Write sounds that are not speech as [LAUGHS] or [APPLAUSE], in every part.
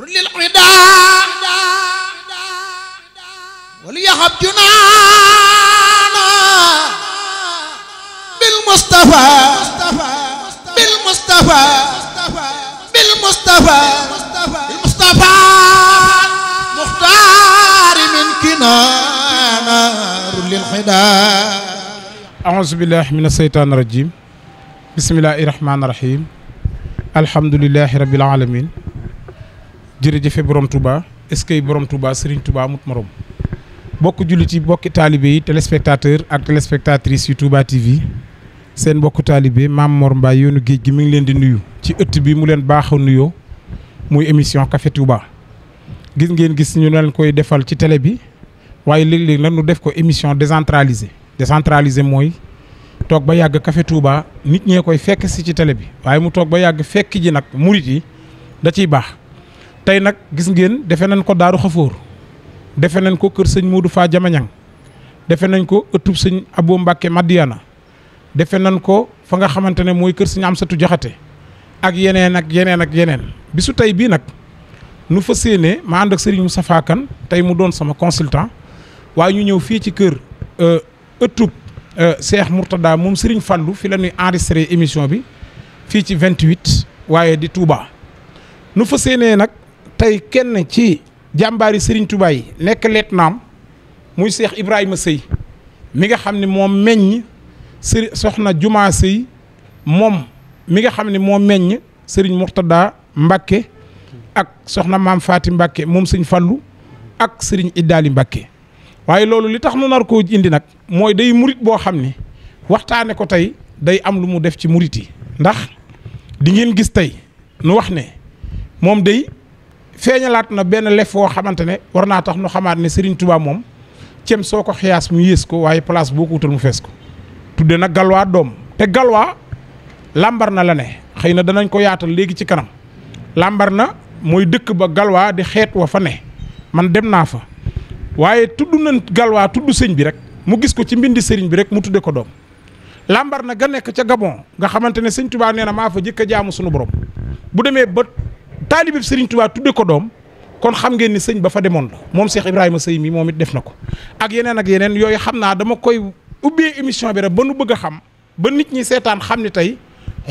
للعداء وليهب جنانا بالمصطفى بالمصطفى بالمصطفى بالمصطفى مختار من كنانا أعوذ بالله من الشيطان الرجيم بسم الله الرحمن الرحيم الحمد لله رب العالمين jërëjëfe borom Touba est-ce que borom Touba Serigne Touba mut morom bokku jullit yi bokki taalibe yi ak yu Touba TV sen bokku taalibe Mame Mor Mbaye yoonu gi mi ngi leen di nuyu ci ëtt bi mu leen baax nuyo muy émission Café Touba gis ngeen gis ñu leen koy defal ci télé bi waye léeg-léeg def ko émission décentralisée décentralisée moy tok ba Café Touba nit ñe koy fekk si ci télé bi waye mu tok ba yàgg fekk ji nak mouride yi da ciy bax tey nag gis ngeen defe nañ ko daaru xafoor defe nañ ko kër sëñ Modou Faa Jamañang defe nañ ko ëttub sëñ Abou Mbacke Madiana defe nañ ko fa nga xamante ne mooy kër sëñ am Amsatu Jaxate ak yeneen ak yeneen ak yeneen bisu tey bii nag nu fa séenee ma ànd ak Serigne Moustapha Kane tey mu doon sama consultant waaye ñu ñëw fii ci kër euh, ëttub euh, Cheikh Mourtada moom Serigne Fallou fi la ñuy enregistré émission bi fii ci 28 waaye di Touba nu fa séenee nag. tey kenn ci jàmbaari Serigne Touba yi nekk lieutenant muy Cheikh Ibrahima Sëy mi nga xam ni moom meññ Serigne soxna jumaa Sëy moom mi nga xam ne moo meññ Serigne Mourtada Mbacke ak soxna maam Faati Mbacke moom sëñ Fallu ak Serigne Iddaali Mbacke waaye loolu li tax nu nar koo indi nag mooy day murit boo xam ni waxtaane ko tey day am lu mu def ci murit yi ndax di ngeen gis tey nu wax ne moom day feeñalaat na benn lef woo xamante ne war naa tax nu xamaat ne Serigne tubaa moom cem soo ko xiyaas mu yées ko waaye place boo ko wutal mu fees ko. tudde na galwaa doom te galwaa lambar na la ne xëy na danañ ko yaatal léegi ci kanam lambar na mooy dëkk ba galwaa di xeet wa fa ne man dem naa fa waaye tudd nañ galwaa tudd sëñ bi rek mu gis ko ci mbindi sëriñ bi rek mu tudde ko doom. lambar na ga nekk ca Gabon nga xamante ne sëñ Touba nee na maa fa jëkk jaamu sunu borom bu taalibeb Serigne Touba tudde ko doom kon xam ngeen ni sëñ ba fa demoon la moom Cheikh Ibrahima Sëy mi moom it def na ko ak yeneen ak yeneen yooyu xam naa dama koy ubbee émission bi rek ba nu bëgg a xam ba nit ñi seetaan xam ni tey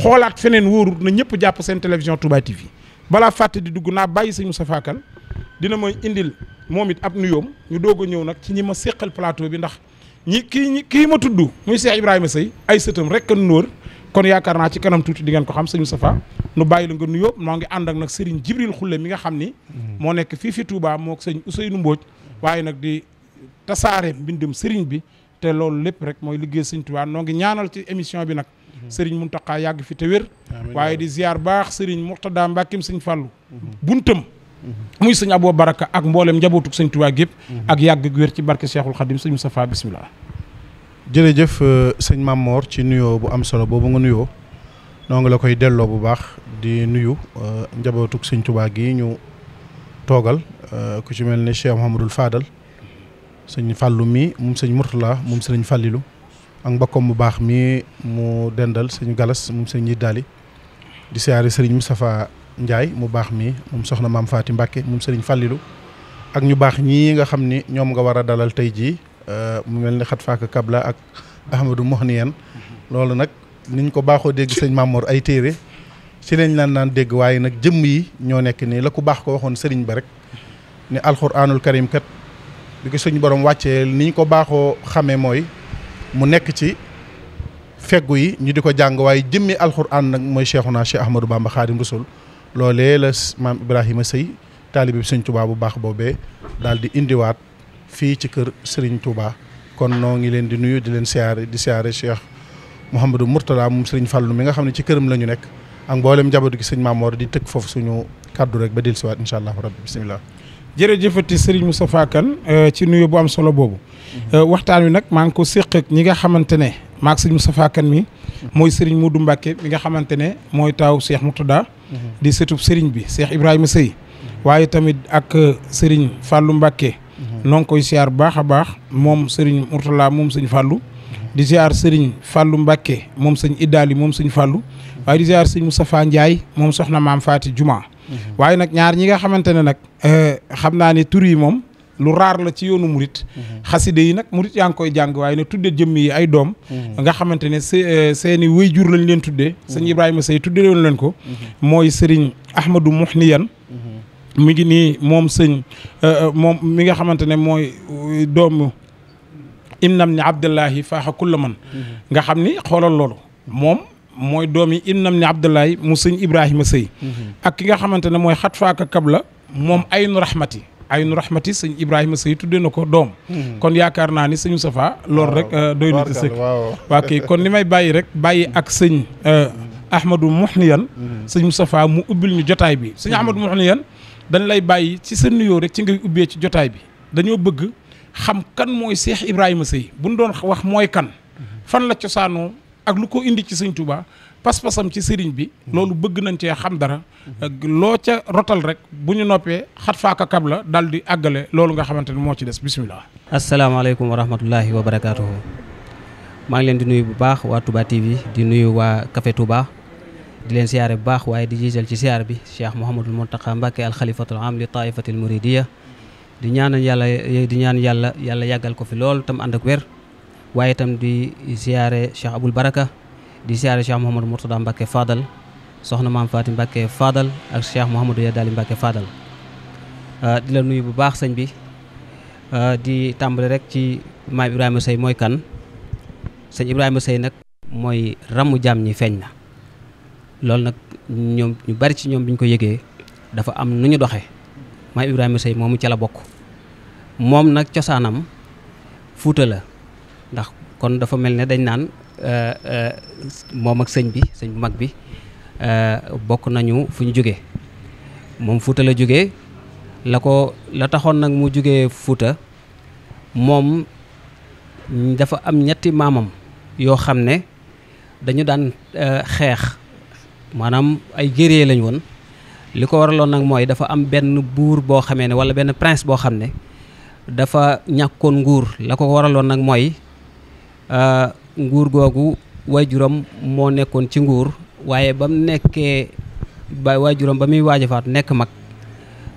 xoolaat feneen wóoru na ñëpp jàpp seen télévision Touba TV balaa fàtte di dugg naa bàyyi sëñ sa Fakkan dina ma indil moom it ab nuyoom ñu doog a ñëw nag ci ñi ma séqal plateau bi ndax ñi kii kii ma tudd muy Cheikh Ibrahima Sëy ay sëtam rek a nóor kon yaakaar naa ci kanam tuuti di ngeen ko xam sëñ Moustapha nu bàyyi la nga nuyoo maa ngi ànd ak nag Serigne Jibril Xulle mi nga xam ni moo nekk fii fi Touba moo sëñ nu Mbodj waaye nag di tasaare mbindum Serigne bi te loolu lépp rek mooy liggéey sëñ Touba noo ngi ñaanal ci émission bi nag sëriñ Serigne Mountakha yàgg fi te wér waaye di ziar baax Serigne Mourtada Mbàkkim sëñ Fàllu buntam muy sëñ Abou Baraka ak mboolem njabootug sëñ Touba gépp ak yàgg wér ci barke Cheikhul Khadim sëñ Moustapha jërëjëf euh, sëñ Mame ci nuyoo bu am solo boobu nga nuyoo noo la koy delloo bu baax di nuyu euh, njabootug sëñ tubaa gi ñu toogal euh, ku ci mel ne Cheikh Mouhamadul faadal sëñ Fàllu mii mu sëñ Mourtala moom sëñ Fàllilu ak mbokkam mu baax mi mu dendal sëñ Galas moom sëñ Yiddaali di siyaare sëriñ Moustapha njaay mu baax mii moom soxna Maam Faati Mbàkke mu sëriñ Fàllilu ak ñu baax ñii nga xam ni ñoom nga war a dalal tey jii mu mel ni xat faak kabla ak ahmadou mohniyen loolu nag niñ ko baaxoo dégg sëñ Mamour ay téere ci lañ naan naan dégg waaye nag jëmm yi ñoo nekk nii la ku baax ko waxoon sëriñ ba rek ni alxuraanul karimkat kat bi ko suñu borom wàccee niñ ko baaxoo xamee mooy mu nekk ci feggu yi ñu di ko jàng waaye jëmmi alxuraan nag mooy Cheikhuna Cheikh Ahmadou Bamba Xaadim Rasul loolee la maam Ibrahima Sëy taalibe bi sëñ Tuubaa bu baax boobee daal di indiwaat fii ci kër Serigne Touba kon noo ngi leen di nuyu di leen siyaare di siyaare Cheikh Mouhamadou Mourtada mu Serigne Fallou mi nga xam ne ci këram la ñu nekk ak mboolem njabootu gi sëñ Mamoor di tëkk foofu suñu kaddu rek ba dellusiwaat incha allah rabbi bisimilah. jërëjëfati Serigne Moustapha Kane euh, ci nuyu bu am solo boobu. Mhm. Euh, waxtaan wi nag maa ngi ko séq ñi nga xamante ne maag Serigne Moustapha mi. Mhm. mooy Serigne Modou Mbacke mi nga xamante ne mooy taaw Cheikh Mourtada. Mhm. di sëtub Serigne bi Cheikh Ibrahima Seye. waaye tamit ak euh, Serigne Fallou Mbacke. noo ngi koy siyaar baax a baax moom sëriñ Mourtala moom sëñ Fallou di siyaar sëriñ Fallou Mbacke moom sëñ Idali moom sëñ Fallou waaye di siyaar sëñ Moustapha Ndiaye moom soxna maam Faati Juma. waaye nag ñaar ñi nga xamante ne nag eh, xam naa ni tur yi moom lu raar la ci yoonu murit xaside yi nag murit yaa ngi koy jàng waaye ne tudde jëmm yi ay doom nga xamante ne eh, seeni wéy jur lañ leen tuddee sëñ Ibrahima Seye tudde woon leen ko mhm. mooy sëriñ Ahmadou Mouhniyan mi ngi nii moom sëñ moom mi nga xamante ne mooy doomu imnam ni abdullahi faaxa kulla man nga xam ni xoolal loolu moom mooy doom yi imnam ni abdullahi mu sëñ ibrahima sëy ak ki nga xamante ne mooy xat faaka kabla moom aynu rahmati aynu rahmati sëñ ibrahima sëy tuddee na ko doom kon yaakaar naa ni sëñu safa loolu rek doy na ci sëkk waa kii kon li may bàyyi rek bàyyi ak sëñ ahmadou muhniyan sëñ Moustapha mu ubbil ñu jotaay bi sëñ ahmadou muhniyan dañ lay bàyyi ci sa nuyoo rek ci ngay ubbee ci jotaay bi dañoo bëgg xam kan mooy Cheikh Ibrahima Seye bu ñu doon wax mooy kan fan la cosaanoo ak lu ko indi ci sëñ Touba pas-pasam ci sëriñ bi loolu bëgg nañ cee xam dara loo ca rotal rek bu ñu noppee xat faaka kab la daal di àggale loolu nga xamante ne moo ci des bisimilah. asalaamaaleykum wa rahmatullahi wa barakaatuhu maa ngi leen di nuyu bu baax waa Touba TV di nuyu waa Café Touba di leen siyaare bu baax waaye di jiital ci siyaar bi Cheikh Mouhamadul Mountakha Mbacké alxalifatul am li taifatil muridiya di ñaanal yàlla di ñaan yàlla yàlla yàggal ko fi lool tam ànd ak wér waaye itam di siyaare Cheikh Abul Baraka di siyaare Cheikh Mouhamadou Mourtada Mbacké Fadal soxna maam Fatim Mbacké Fadal ak Cheikh Mouhamadou Yadali Mbacké Fadal ah, di la nuyu bu baax sañ bi ah, di tàmbali rek ci maam Ibrahima Sey mooy kan sëñ Ibrahima Sey nag mooy ramu jaam ñi feeñ na loolu nag ñoom ñu bari ci ñoom bi ñu ko yëgee dafa am nu ñu doxee maam Ibrahima Seye moomu ca la bokk moom nag cosaanam fuuta la ndax kon dafa mel ne dañ naan euh, euh, moom ak sëñ bi sëñ bu mag bi euh, bokk nañu fu ñu jógee moom fuuta la jógee la ko la taxoon nag mu jógee fuuta moom dafa am ñetti maamam yoo xam ne dañu daan xeex maanaam ay guerrier lañ woon li ko waraloon nag mooy dafa am benn buur boo xamee ne wala benn prince boo xam ne dafa ñàkkoon nguur la ko waraloon nag mooy euh, nguur googu waajuram moo nekkoon ci nguur waaye ba mu nekkee ba waajuram ba muy waaj nekk mag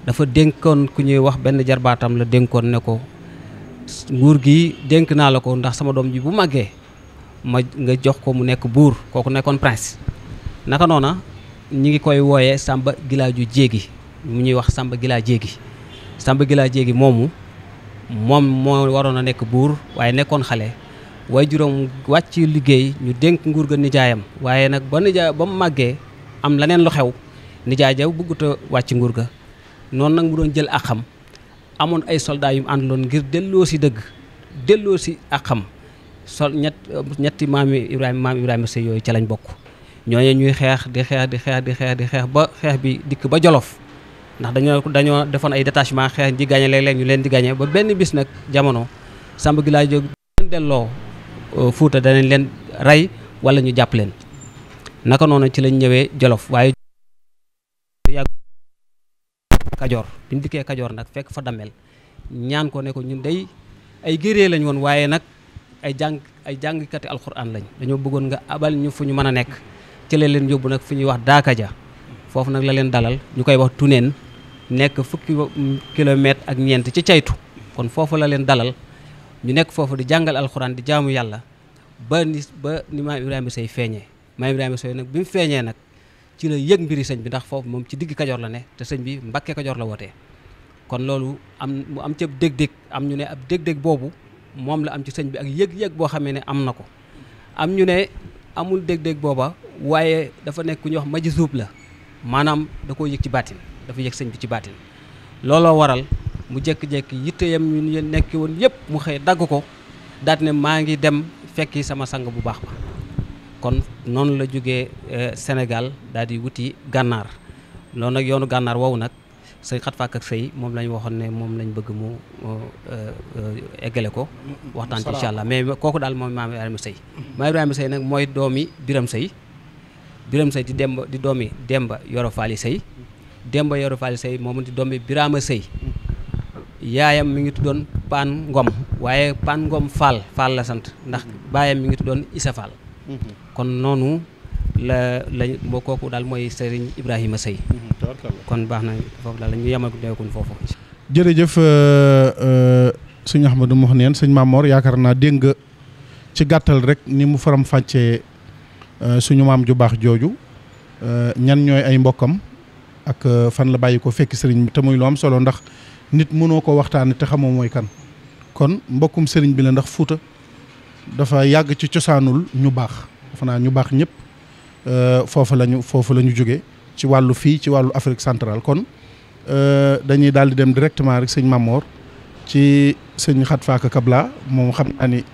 dafa dénkoon ku ñuy wax benn jarbaatam la dénkoon ne ko nguur gi dénk naa la ko ndax sama doom ji bu màggee ma nga jox ko mu nekk buur kooku nekkoon prince naka noona ñi ngi koy wooyee Samba Gilaaju Jéegi mu ñuy wax Samba Gilaa Jéegi Samba Gilaa Jéegi moomu moom moo waroon a nekk buur waaye nekkoon xale waaye juróom wàcc liggéey ñu dénk nguur ga nijaayam waaye nag ba nijaay ba mu màggee am leneen lu xew nijaay jaw bëgguta wàcc nguur ga noonu nag mu doon jël ak xam amoon ay soldats yu mu ngir delloo si dëgg delloo si ak xam sol ñett ñetti maami Ibrahima maam Ibrahima Sey yooyu ca lañ bokk ñooñu ñuy xeex di xeex di xeex di xeex di xeex ba xeex bi dikk ba jolof ndax dañoo dañoo defoon ay détachement xeex ji gagné léeg ñu leen di gagné ba benn bis nag jamono Samba Gillage Diop leen euh, Fuuta danañ leen rey wala ñu jàpp leen naka noonu ci lañ ñëwee jolof waaye kajoor bi ñu dikkee kajoor nag fekk fa dammel ñaan ko ne ko ñun day ay guerrier lañ woon waaye nag ay jàng ay jàngkati alxuraan lañ dañoo bëggoon nga abal ñu fu ñu mën a nekk ci la leen yóbbu nag fu ñuy wax daaka foofu nag la leen dalal ñu koy wax tuneen nekk fukki kilomètre ak ñeent ci caytu kon foofu la leen dalal ñu nekk foofu di jàngal di jaamu yàlla ba ni ba ni maam Ibrahima Seye feeñee maam Ibrahima nag bi feeñee nag ci la yëg mbiri sëñ bi ndax foofu moom ci digg kajoor la ne te sëñ bi mbakke kajoor la wootee kon loolu am mu am ci ab dég-dég am ñu ne ab dég-dég boobu moom la am ci sëñ bi ak yëg-yëg boo xamee ne am na ko am ñu ne amul dég-dég booba waaye dafa nekk ku ñuy wax majzuub la maanaam da ko yëg ci baatin dafa yëg sëñ bi ci baatin looloo waral mu jékki-jékki yitteyam ñu nekkee woon yëpp mu xëy dagg ko daat ne maa ngi dem fekk sama sang bu baax ba kon noonu la jógee eh, Sénégal daal di wuti gànnaar loolu nag yoonu gànnaar wow nag sëñ xat fàkk ak sëy moom lañ waxoon ne moom lañ bëgg mu eh, eh, eggale ko waxtaan ci incha allah mais kooku daal moom maam Ibrahima sëy maam Ibrahima sëy nag mooy doomi biram sëy biram sëy di demba di doomi demba yoro faali sëy demba yoro faali sëy moom di doomi biraama sëy yaayam mi ngi tuddoon paan ngom waaye paan ngoom faal faal la sant ndax baayam mi ngi tuddoon isa faal kon noonu la la boo kooku daal mooy sëriñ ibrahima sëy kon baax na foofu daal la ñu yemal foofu jërëjëf euh, euh, sëñ Ahmadou Mouhniyane sëñ Mamor yaakaar naa dégg ci gàttal rek ni mu faram fàccee Euh, suñu maam ju baax jooju euh, ñan ñooy ay mbokkam ak euh, fan la bàyyi ko fekk sëriñ bi te muy lu am solo ndax nit mënoo ko waxtaane te xamoo mooy kan kon mbokkum sëriñ bi la ndax fuuta dafa yàgg ci cosaanul ñu baax dafa naa ñu baax ñëpp foofu la ñu foofu la ñu jóge ci wàllu fii ci wàllu Afrique centrale kon dañuy daal di dem directement rek sëñ Mamor ci sëñ Xat Faaka Kabla moom xam naa ni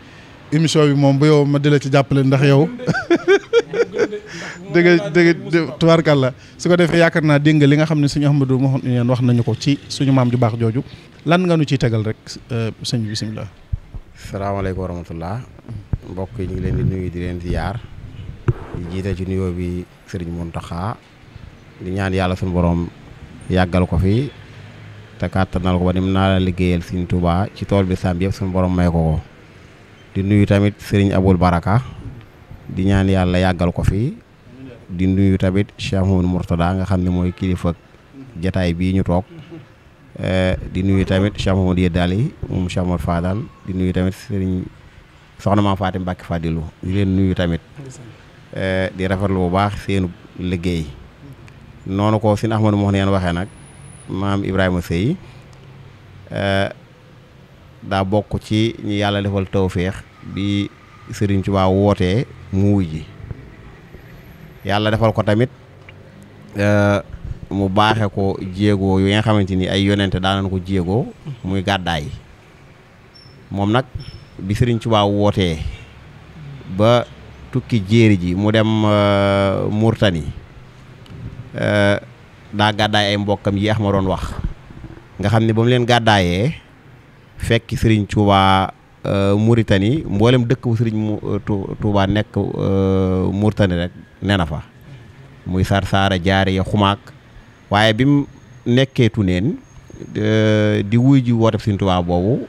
émission bi moom bu yow ma di la ci jàppale ndax yow [LAUGHS] dëgg dëgg tubaarkàlla su ko defee yaakaar naa dégg nga li nga xam ne suñu Ahmadou Mouhniyane wax nañu ko ci suñu maam ju baax jooju lan nga nu ciy tegal rek euh, sëñ bi bisimilah. salaamaaleykum wa rahmatulah mbokk yi ñu leen di nuyu di leen ziar di jiite ci nuyoo bi sëriñ Serigne Mountakha di ñaan yàlla suñu borom yàggal ko fi te kàttanal ko ba nim naa la liggéeyal Serigne tubaa ci tool bi sàmm yëpp suñu borom may ko ko di nuyu tamit sëriñ Aboul Baraka di ñaan yàlla yàggal ko fi. di nuyu tamit Cheikh Mouhamadou Mourtada nga xam ne mooy kilifa jataay bii ñu toog eh, di nuyu tamit Cheikh Mouhamadou Yeddaali moom Cheikh Mouhamadou Fadal di nuyu tamit sëriñ soxna Maam Fatim Mbàkke Fadilu di leen nuyu tamit eh, di rafetlu bu baax seenu liggéey noonu ko sin Ahmadou mox neen waxee nag maam Ibrahima Seye eh, daa bokk ci ñu yàlla defal tawféex bi sëriñ Tuubaa wootee mu wuy ji yàlla defal ko tamit euh, mu baaxe ko jéego yu nga xamante ni ay yonente daanañ ko jéego muy gàddaay moom nag bi Sëriñ Tuubaa wootee ba tukki jéeri ji mu dem euh, Murtani euh, daa gàddaay ay mbokkam yi ax ma doon wax nga xam ne ba mu leen gàddaayee fekk Sëriñ Tuubaa Mauritanie mboolem dëkk bu Sëriñ Tuubaa nekk Murtani rek ne na fa muy sarsaara jaariya xumaag waaye bi mu nekkee Tuneen di wuy ji woote Sëriñ Tuubaa boobu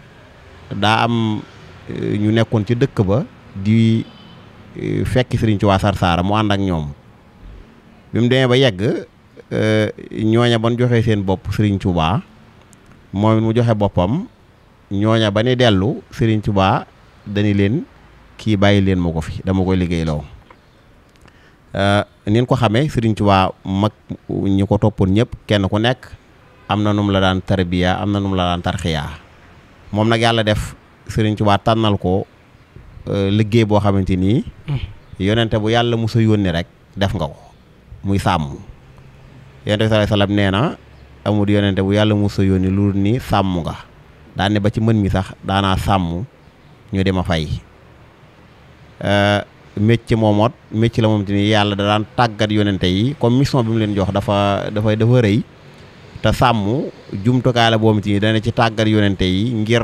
daa am eh, ñu nekkoon ci dëkk ba di eh, fekki Sëriñ Tuubaa sarsaara mu ànd ak ñoom bi mu demee ba yegg eh, ñooña ban joxee seen bopp Sëriñ Tuubaa moom mu joxe boppam ñooña ba ni dellu Sëriñ tubaa dañu leen kii bàyyi leen ma ko fi dama koy liggéey loo Euh, nin ko xamee Sëriñ Tuubaa mag ñi ko toppoon ñëpp kenn ku nekk am na num la daan tarbiya am na num la daan tarxiyaa moom nag yàlla def Sëriñ Tuubaa tànnal ko euh, liggéey boo xamante nii mm. yonente bu yàlla mos a yónni rek def nga ko muy sàmm yonente bi nee na amul yonente bu yàlla mos a yónni ni sàmm nga daane ba ci mën mi sax daanaa sàmm ñu di ma fay euh, métier moomoot métier la moom te ni yàlla da daan tàggat yonente yi comme mission bi mu leen jox dafa dafay dafa rëy te sàmm jumtukaay la boom ti ni dana ci tàggat yonente yi ngir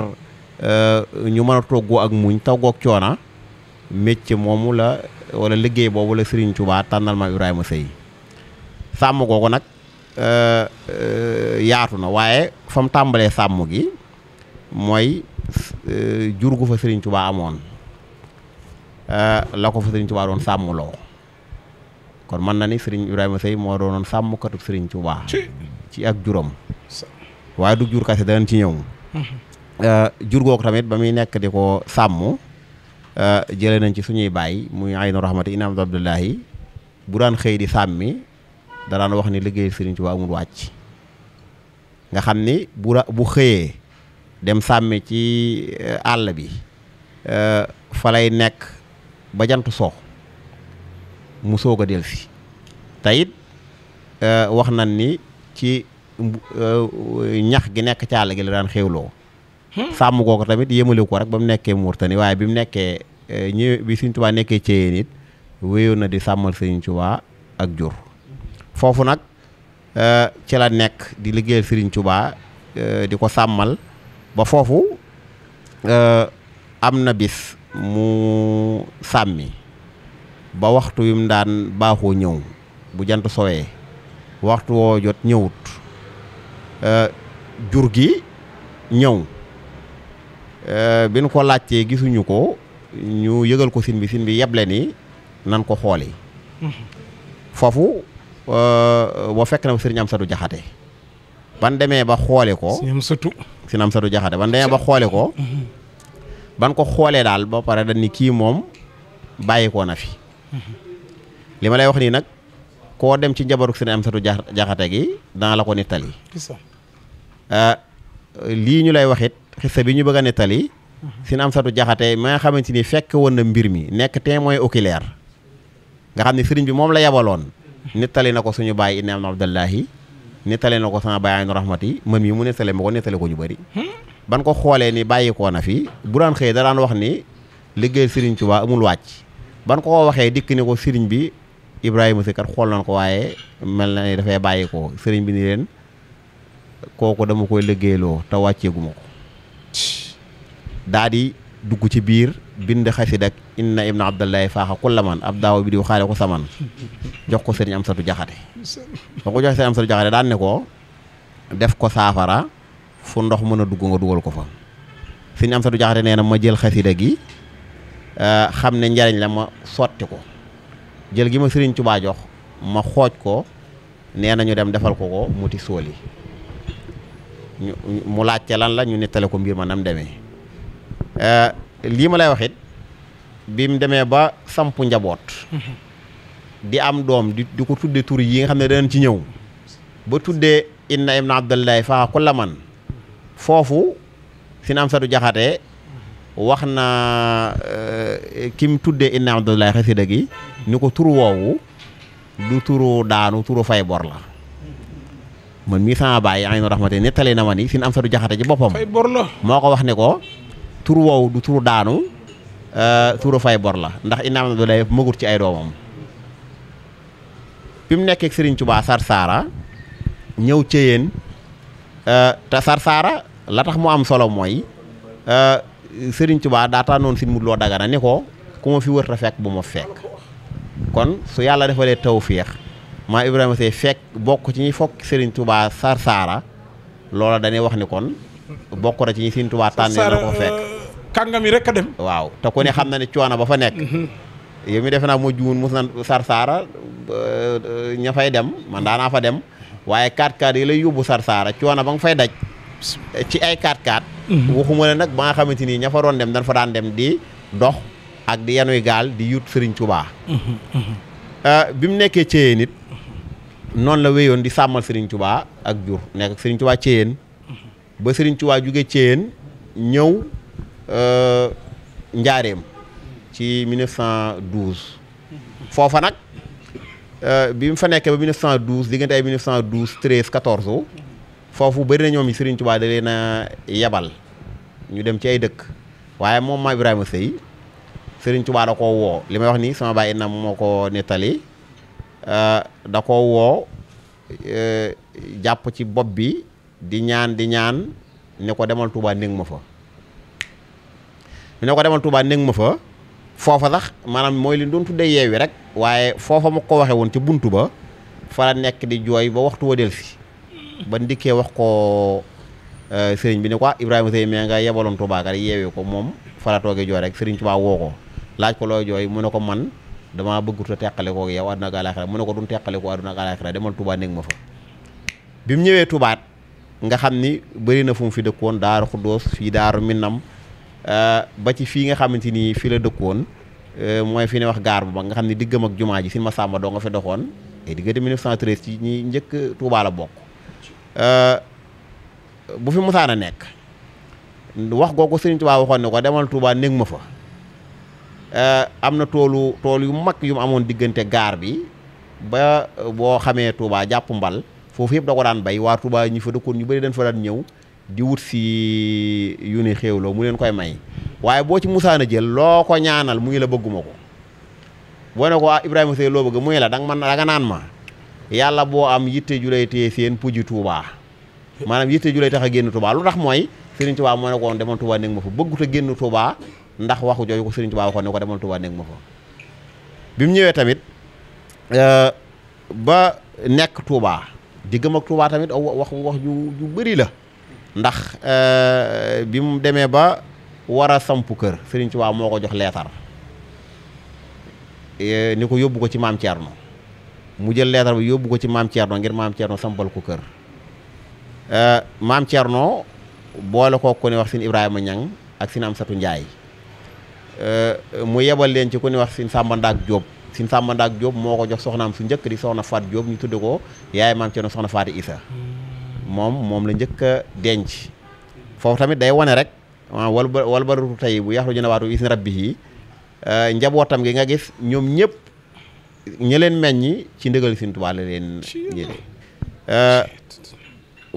euh, ñu mën a toggoo ak muñ toggoog coona métier moomu la wala liggéey boobu la Serigne Touba tànnal ma Ibrahima Seye sàmm googu nag euh, euh, yaatu na waaye fa tàmbalee sàmm gi mooy jur gu fa Serigne Touba amoon. Eh, la ko fa Serigne Touba doon sàmmloo kon mën na ni Serigne Ibrahima Seye moo doonoon sàmmkatub Serigne Touba. ci ak juróom. waaye du jur kase danañ ci ñëw. Mhm. Eh, jur googu tamit ba muy nekk di ko sàmm eh, jëlee nañ ci suñuy baay muy aynu rahmati inaam abdullahi bu daan xëy di sàmmi da daan wax ni liggéey Serigne Touba amul wàcc nga xam ni bu ra bu xëyee dem sàmmi ci àll bi falay nekk. ba jant soo mu soog a dellusi te it euh, wax nan ni ci euh, ñax gi nekk ci àll gi la daan xéwloo. Hmm? sàmm googu tamit yëmale ko rek ba mu nekkee Murtani waaye bi mu nekkee euh, bi Sëñ Tuubaa nekkee Ceyeen nit wéyoon na di sàmmal Sëñ tubaa ak jur foofu nag ci la nekk di liggéeyal Sëriñ tubaa di ko sàmmal ba foofu am na bis mu sàmmi ba waxtu wi mu daan baaxoo ñëw bu jant sowee waxtu woo jot ñëwut e, jur gi ñëw e, bi nu ko laajtee gisuñu ko ñu yëgal ko sin bi sin bi yeble ni nan ko xooli foofu e, boo fekk na sëriñ am satu jaxate ban demee ba xooli ko sëriñ am satu jaxate ban demee ba xooli ko ban ko xoolee daal boo pare dañ ni kii moom bàyyi koo na fi li ma lay wax nii nag koo dem ci njabaruk sëriñ Amsatu Jaxate gi dana la ko nettali ah, lii ñu lay waxit xista bi ñu bëgg a nettali sëriñ Amsatu Jaxate ma nga xamante ni fekk woon na mbir mi nekk témoin oculaire nga xam ne sëriñ bi moom la yabaloon nettali na ko suñu bàyyi inna am na abdallahi nettali na ko sama bàyyi rahmati man mii mu nettali ma ko nettali ko ñu bari hmm? ban ko xoolee ni bàyyikoo na fi bu daan xëy da daan wax ni liggéey Serigne Touba amul wàcc ban koo waxee dikk ni ko Serigne bi Ibrahima si kat xool nañ ko waaye mel na ni dafay bàyyikoo sëriñ bi ni leen kooku dama koy liggéeyloo te wàcceeguma ko daa di dugg ci biir bind xasid ak inna ibna abdallahi faaxa kulla laman ab daaw bi di xaale ko saman jox ko Serigne Amsatu Jaxate ba ko joxe Serigne Amsatu Jaxate daan ne ko def ko saafara fu ndox mën a dugg nga dugal ko fa sëñ Amsatu Jaxate nee na ma jël xasida gi euh, xam ne njariñ la ma sotti ko jël gi ma sëriñ Tuubaa jox ma xooj ko nee na ñu dem defal ko ko muti sóoli ñu mu laajte lan la ñu nettale ko mbir ma nam demee euh, lii ma lay wax it bi mu demee ba sampu njaboot di am doom di di ko tudde tur yi nga xam ne danañ ci ñëw ba tuddee inna ibna abdullahi faa kulla man foofu sëñ Amsatu Jaxate wax na euh, kim tuddee inna abdullahi xasida gi ni ko tur woowu du turu daanu turu fay bor la man mii sama baay aynu rahmati nettali na ma ni sëñ Amsatu Jaxate ci boppam fay bor la moo ko wax ne ko turu woowu du turu daanu euh, turu fay bor la ndax inna abdullahi mëgut ci ay doomam bi mu nekk ak Serigne ñëw ci Euh, te sarsaara la tax mu am solo mooy euh, Serigne Touba daa tànnoon si Modou Lo Dagana ni ko komo fi wër ta fekk bu ma fekk kon su yàlla defalee tawféex maa Ibrahima Seye fekk bokk ci ñi fokk Serigne Touba sarsaara loola dañuy wax ni kon bokk na ci ñi Serigne Touba tànnee na ko fekk. Euh, kàngam yi rek a dem. waaw te ku ne xam na ne coono ba fa nekk. Mm-hmm. yow mi defe naa moo juun mos na sarsaara ña fay dem man daanaa fa dem. waaye 4x4 yi lay yóbbu Sarsara coono ba nga fay daj ci ay 4x4. Mhm. waxuma nag ba nga xamante ni ña fa doon dem dañ fa daan dem di dox ak di yanuy gaal di yut Serigne Touba. Mhm, mhm. Euh, bi mu nekkee Ceyeen it noonu la wéyoon di sàmmal Serigne Touba ak jur nekk ak Serigne Touba ba Serigne Touba jugee Ceyeen ñëw euh, Njaareem ci 1912 foofa nag. Euh, bi mu fa nekkee ba 1912 diggante ay 1912 13 14 foofu bëri na ñoom yi Serigne Touba da leen na yebal ñu dem ci ay dëkk waaye moom ma Ibrahima Seye Serigne Touba da koo woo li may wax nii sama baay na moo ko nettali euh, da koo woo euh, jàpp ci bopp bi di ñaan di ñaan ne ko demal Touba néeg ma fa. ne ko demal Touba néeg ma fa. foofa sax maanaam mooy li doon tuddee yeewi rek waaye foofa ma ko waxee woon ca buntu ba fa nekk di jooy ba waxtu wa del si ba ndikkee wax ko euh, sëriñ bi ne quoi Ibrahima Seye mais nga yebaloon Touba ka yeewee ko moom fa la toogee jooy rek sëriñ Touba woo ko laaj ko looy jooy mu ne ko man damaa bëggut a teqale ko yow àdduna ak mu ne ko duñ teqale ko àdduna ak àlaaxira demal Touba nekk ma fa bi mu ñëwee tubaat nga xam ni bëri na fu mu fi dëkkoon daaru Xuddoos fii daar Minam Euh, ba ci fii nga xamante ni fi la dëkkoon euh, mooy fi ne wax gaar bu mag nga xam ne diggam ak jumaa ji si ma sàmba doo nga fi doxoon et diggante 1913 ci ñi njëkk Touba la bokk euh, bu fi musaan a nekk wax googu Sëriñ Touba waxoon ne ko demal tuubaa néeg ma fa am na toolu tool yu mag yu mu amoon diggante gaar bi ba boo xamee Touba jàpp mbal foofu yëpp da ko daan bay waa Touba ñi fa dëkkoon ñu bëri dañ fa daan ñëw di wut si yu ni xéewloo mu leen koy may waaye boo ci musaan a jël loo ko ñaanal mu ngi la bëgguma ko boo ne ko ah Ibrahima loo bëgg mu ngi la danga man danga naan ma yàlla boo am yitte ju lay téye seen puji Touba maanaam yitte ju lay tax génn Touba lu tax mooy Serigne Touba moo ne woon demal Touba nekk ma fa bëggut a génn Touba ndax waxu jooju ko Serigne Touba waxoon ne ko demal Touba nekk ma fa ñëwee tamit euh, ba nekk Touba diggam ak Touba tamit wax wax ju ju bëri la. ndax euh, bi mu demee ba war a samp kër ci waa moo ko jox leetar euh, ni ko yóbbu ko ci maam Thierno mu jël leetar bi yóbbu ko ci maam Thierno ngir maam Thierno sampal ko kër euh, maam Thierno boole ko ku ne wax sin Ibrahima Niang ak sin Amsatu Njaay mu yebal leen ci ku ne wax sin Samba Ndaak Jóob sin Samba Jóob moo ko jox soxnaam su njëkk di soxna Faat Jóob ñu tudde ko yaay maam Thierno soxna Faati Isa hmm. moom moom la njëkk a denc foofu tamit day wane rek waa ah, wal wal barutu tey bu yaxru jëna waatu isni rabbi yi eh, njabootam gi nga gis ñoom ñëpp ñi leen meññi ci ndëgal Sëriñ Tuubaa la leen jëlee eh,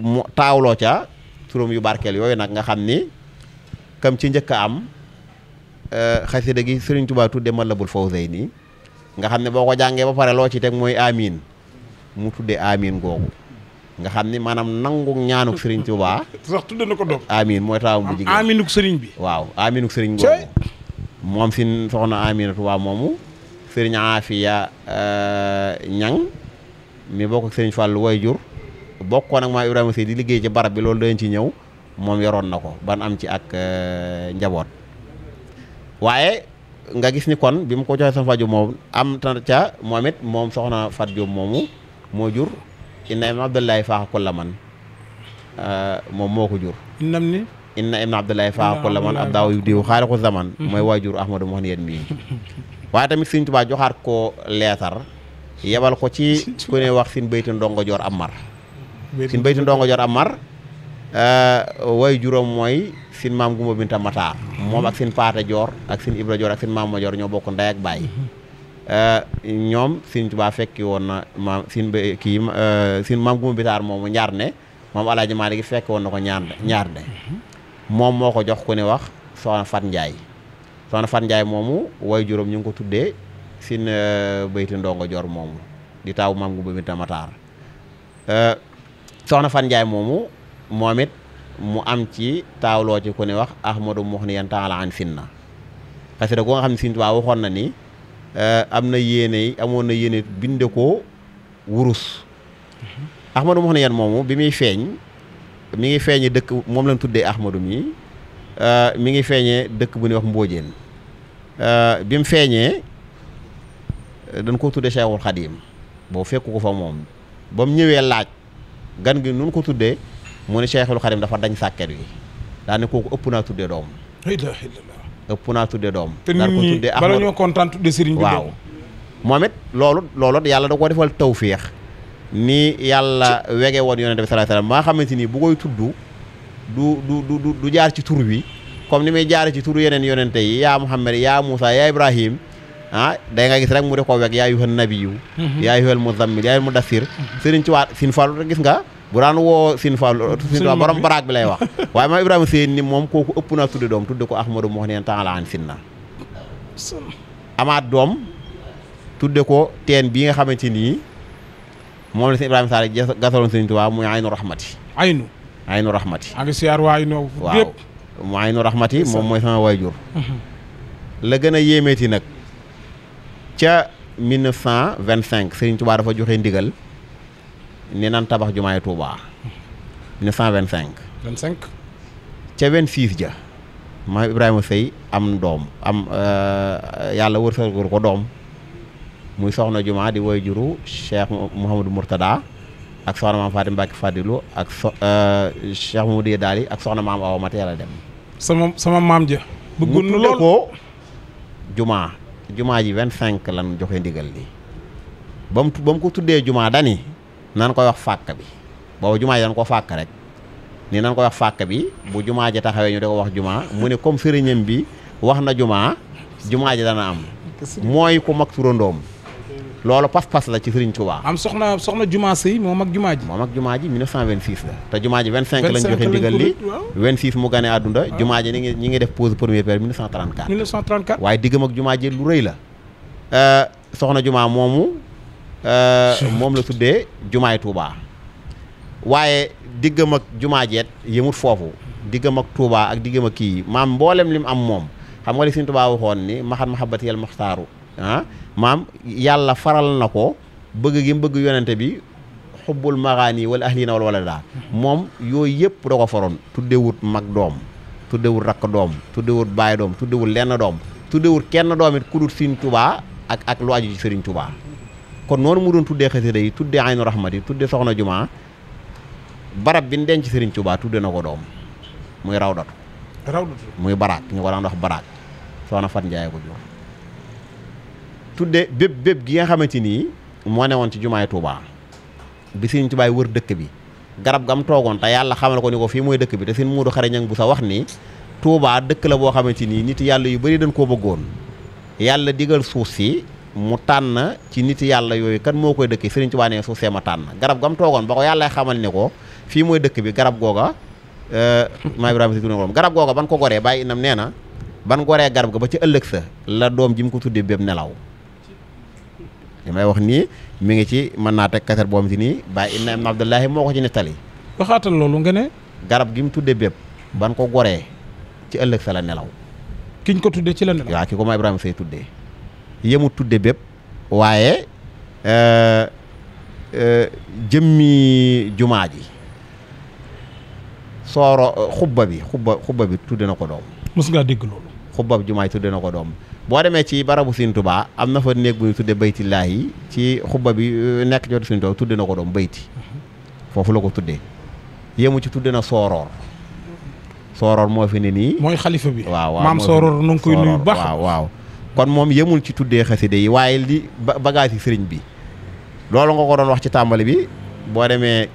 mu ca turam yu barkeel yooyu nag nga xam ni kam ci njëkk a am eh, xasida gi Sëriñ Tuubaa tudde Matlabul nii nga xam ne boo ko jàngee ba pare loo ci teg mooy amiin mu tudde amiin googu nga xam ni maanaam nangu ñaanuk sëriñ Tuubaa sax amiin mooy taawam bu jigéen amiinuk sëriñ bi waaw amiinuk sëriñ boobu moom fi soxna Aminatu Waa moomu sëriñ Aafiya ñang euh, mi bokk ak sëriñ Fàllu way jur bokkoon di liggéey ci barab bi loolu dañ ci ñëw moom yoroon na ko ban am ci ak euh, njaboot waaye nga gis ni kon bi mu ko joxee sama faju moom am ta ca moom moom soxna Fat Jóob moomu moo jur inna ibn abdullahi faaxa kulla man euh, moom moo ko jur innam ni inna ibn abdullahi faaxa kulla man ab yu diw xaariqu zaman [LAUGHS] mooy waajur ahmadu moxon yéen mii waaye tamit sëñ Tuubaa joxaat ko leetar yebal ko ci ku ne wax sin bayti ndongo joor am mar sin bayti ndongo joor am mar euh, way juróom mooy sin maam gumba binta mataar moom ak sin paata joor ak sin ibra joor ak sin maam ma joor ñoo bokk ndey ak [LAUGHS] Euh, ñoom Sëriñ Tuubaa fekki woon na maam sin ba kii euh, sin maam guma bitaar moomu ñaar ne moom Alaaji Maalik fekk na ko ñaar ñaar ne moom moo ko jox ku ne wax soxna Fat Njaay soxna Fat Njaay moomu way juróom ñu ngi ko tuddee sin euh, bayti ndongo jor moomu di taaw maam gumba soxna Fat moomu moom it mu am ci taawloo ci ku ne wax ahmadou mox ni yan taala an sinna parce que da ko nga xam ne Sëriñ Tuubaa na ni Euh, am na yéene amoon na yéene binde ko wurus ahmadu Muxniyan moomu bi muy feeñ mi ngi feeñe dëkk moom lañ tuddee ahmadu mi euh, mi ngi feeñee dëkk bu ñuy wax mbóojeen euh, bi mu feeñee dañ koo tuddee Cheikhul Xadim boo fekku ko fa moom ba mu ñëwee laaj gan gi nun ko tuddee moo ne Cheikhul Xadim dafa dañ sàkket wi daane kooku ëpp naa tuddee doom ëpp naa tudde doom. nar ko tudde Ahmadu bala ñoo kontaan tudde sëriñ bi waaw moom it loolu loolu yàlla da koo defal tawféex ni yàlla wege woon yonente bi sallallahu alayhi wasallam maa xamante ni bu koy tudd du du du du jaar ci tur bi comme ni muy jaar ci tur yeneen yonente yi yaa Muhammad yaa Muusa yaa Ibrahim ah day nga gis rek mu def ko weg yaa yuhan nabiyu mhm. yaa yuhal muzammil yaa yuhal mudassir sëriñ ci waat sin faalu gis nga bu daan woo Sine Fall Sine Fall borom baraag bi lay wax [LAUGHS] waaye maam Ibrahima Seye ni moom kooku ëpp naa tudde doom tudde ko Ahmadou mox neen temps la an sin na amaat doom tudde ko teen bii nga xamante nii moom la Sëñ Ibrahima Sarr gasaloon Sëñ Tuubaa muy aynu rahmati aynu aynu rahmati waaw mu aynu rahmati moom mooy sama waajur mhm. la gën a yéemeeti nag ca 1925 Sëñ dafa joxe ndigal ni nan tabax jumaay Touba 1925. 25. ca 26 ja ma Ibrahima Sëy am doom am euh, yàlla wërsëgal ko doom muy soxna juma di woy juru Cheikh Mouhamadou Mourtada ak soxna maam Fatim Mbacke Fadilu ak so euh, Cheikh Mouhamadou Yadaali ak soxna maam Awa Mate yàlla dem. sama sama maam ja bëggoon na lool ko juma juma ji 25 lan joxe ndigal li ba mu ba mu ko tuddee juma dani nan koy wax fàkk bi boobu jumaa ji dañ ko fàkk rek ni nan koy wax fàkk bi bu jumaa ji taxawee ñu di ko wax jumaa mu ne comme firiñam bi wax na jumaa jumaa ji dana am mooy ku mag turandoom loolu pas-pas la ci Serigne Touba. am soxna soxna jumaa sëy moom ak jumaa ji moom ak jumaa ji 1926 la te jumaa ji 25 lañ joxe ndigal li 26 mu gane àdduna jumaa ji ñi ngi ñi ngi def pose première pierre 1934 1934 waaye diggam ak jumaa ji lu rëy la euh, soxna jumaa moomu Euh, moom la tuddee jumaay Touba waaye diggam ak jumaa jeet yëmut foofu diggam ak Touba ak diggam ak kii maam mboolem lim am moom xam nga li Sëriñ Touba waxoon ni maxat mahabati yal maxtaaru ah maam yàlla faral na ko bëgg gi mu bëgg yonente bi xubbul maxaani wala ahliina wala wala daa moom yooyu yëpp da ko faroon tuddewut mag doom tuddewut rakk doom tuddewut baay doom tuddewut lenn doom tuddewut kenn doomit it ku dul Sëriñ ak ak lu aju ci Sëriñ Touba kon noonu mu doon tuddee xasida yi tuddee aynu rahmat yi tuddee soxna jumaa barab bi ñu denc Serigne Touba tudde na ko doom muy rawdatu rawdatu muy baraag ñu ko daan wax baraag na Fat Ndiaye ko jur tudde bépp bépp gi nga xamante nii moo ne woon ci jumaay Touba bi Serigne Touba wër dëkk bi garab gam toogoon te yàlla xamal ko ni ko fii mooy dëkk bi te seen muudu xarañang bu sa wax ni Touba dëkk la boo xamante nii nit yàlla yu bari dañ koo bëggoon yàlla suuf si mu tànn ci nit yàlla yooyu kan moo koy dëkk Sëriñ Tuubaa nee suuf see ma tànn garab gam toogoon ba ko yàlla xamal ni ko fii mooy dëkk bi garab googa euh, maa Ibrahima si tuuti garab googa ban ko goree bàyyi inam nee na ban goree garab ga ba ci ëllëg sa la doom ji mu ko tuddee bépp nelaw li may wax nii mi ngi ci mën naa teg kaset boom si nii bàyyi inam moo ko ci nettali. waxaatal loolu nga ne. garab gi mu tuddee bépp ban ko goree ci ëllëg sa la nelaw. kiñ ko tuddee ci la nelaw. waaw ki ko ma Ibrahima say tuddee. yemu tudde bépp waaye euh, euh, jëmmi jumaa ji sooro xubba bi xubba xubba bi tudde na ko doom mos ngaa dégg loolu xubbab jumaa ji tudde na ko doom boo demee ci barabu Sëriñ baa am na fa néeg bu ñu tudde baytillaahi ci xubba bi euh, nekk jot Sëriñ Tuubaa tudde na ko doom bayti mhm. foofu la ko tudde yemu ci tudde na sooroor sooroor moo fi ne nii mooy xalifa bi waaw waaw maam sooroor nu koy nuyu baax waaw kon moom yemul ci tuddee xaside yi waaye li bagage yi sëriñ bi loolu nga ko doon wax ci tàmbali bi boo demee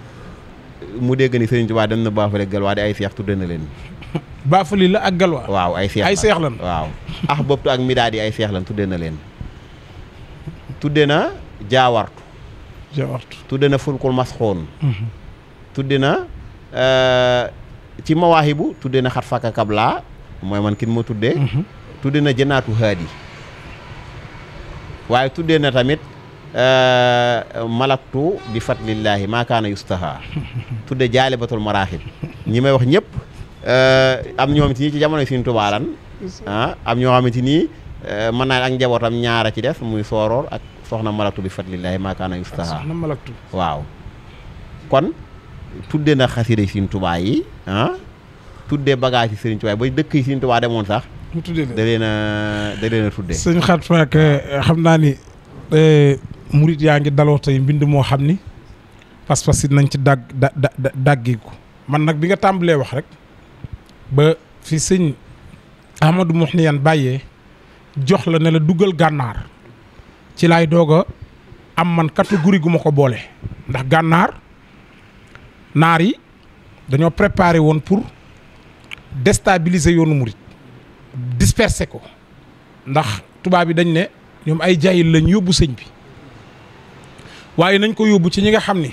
mu dégg ni sëriñ Tuubaa dem na baafale galwaa di ay seex tudde na leen [LAUGHS] baafali la ak galwaa waaw ay seex ay lan waaw ax bëptu ak midaadi ay seex lan tudde na leen tudde na jaawartu jaawartu tudde na fulkul masxoon mhm. tudde na euh, ci mawaahibu tudde na xat fakka kablaa mooy man kin ma tuddee mhm. tudde na jënaatu haadi waaye tuddee na tamit euh, malaktu bi fadlillaahi maakaana yustaha [LAUGHS] tudde jaalibatul maraaxib ñi may wax ñëpp am ñoo xamante ci jamono Sëriñ am ñoo xamante ni ah, euh, mën naa ak njabootam ñaara ci def muy sooroor ak soxna malaktu bi fat fadlillaahi maakaana yustaha soxna malaktu waaw kon tudde na xasida Sëriñ Tuubaa yi ah tudde bagage yi Sëriñ Tuubaa ba dëkk yi Sëriñ Tuubaa demoon sax mu tuddee leen da leen sëñ Xaat Faak eh, xam naa ni eh, murit yaa ngi daloo tey mbind moo xam ni pas-pas it nañ ci dàgg da man nag bi nga tàmbalee wax rek ba fi sëñ Ahmadou Mouhniyane bàyyee jox la ne la duggal gànnaar ci lay doog a am man catégorie gu ma ko boole ndax gànnaar naar yi dañoo préparé woon pour déstabiliser yoonu murit dispersé ko ndax tubaab yi dañ ne ñoom ay jaayil lañ yóbbu sëñ bi waaye nañ ko yóbbu ci ñi nga xam ni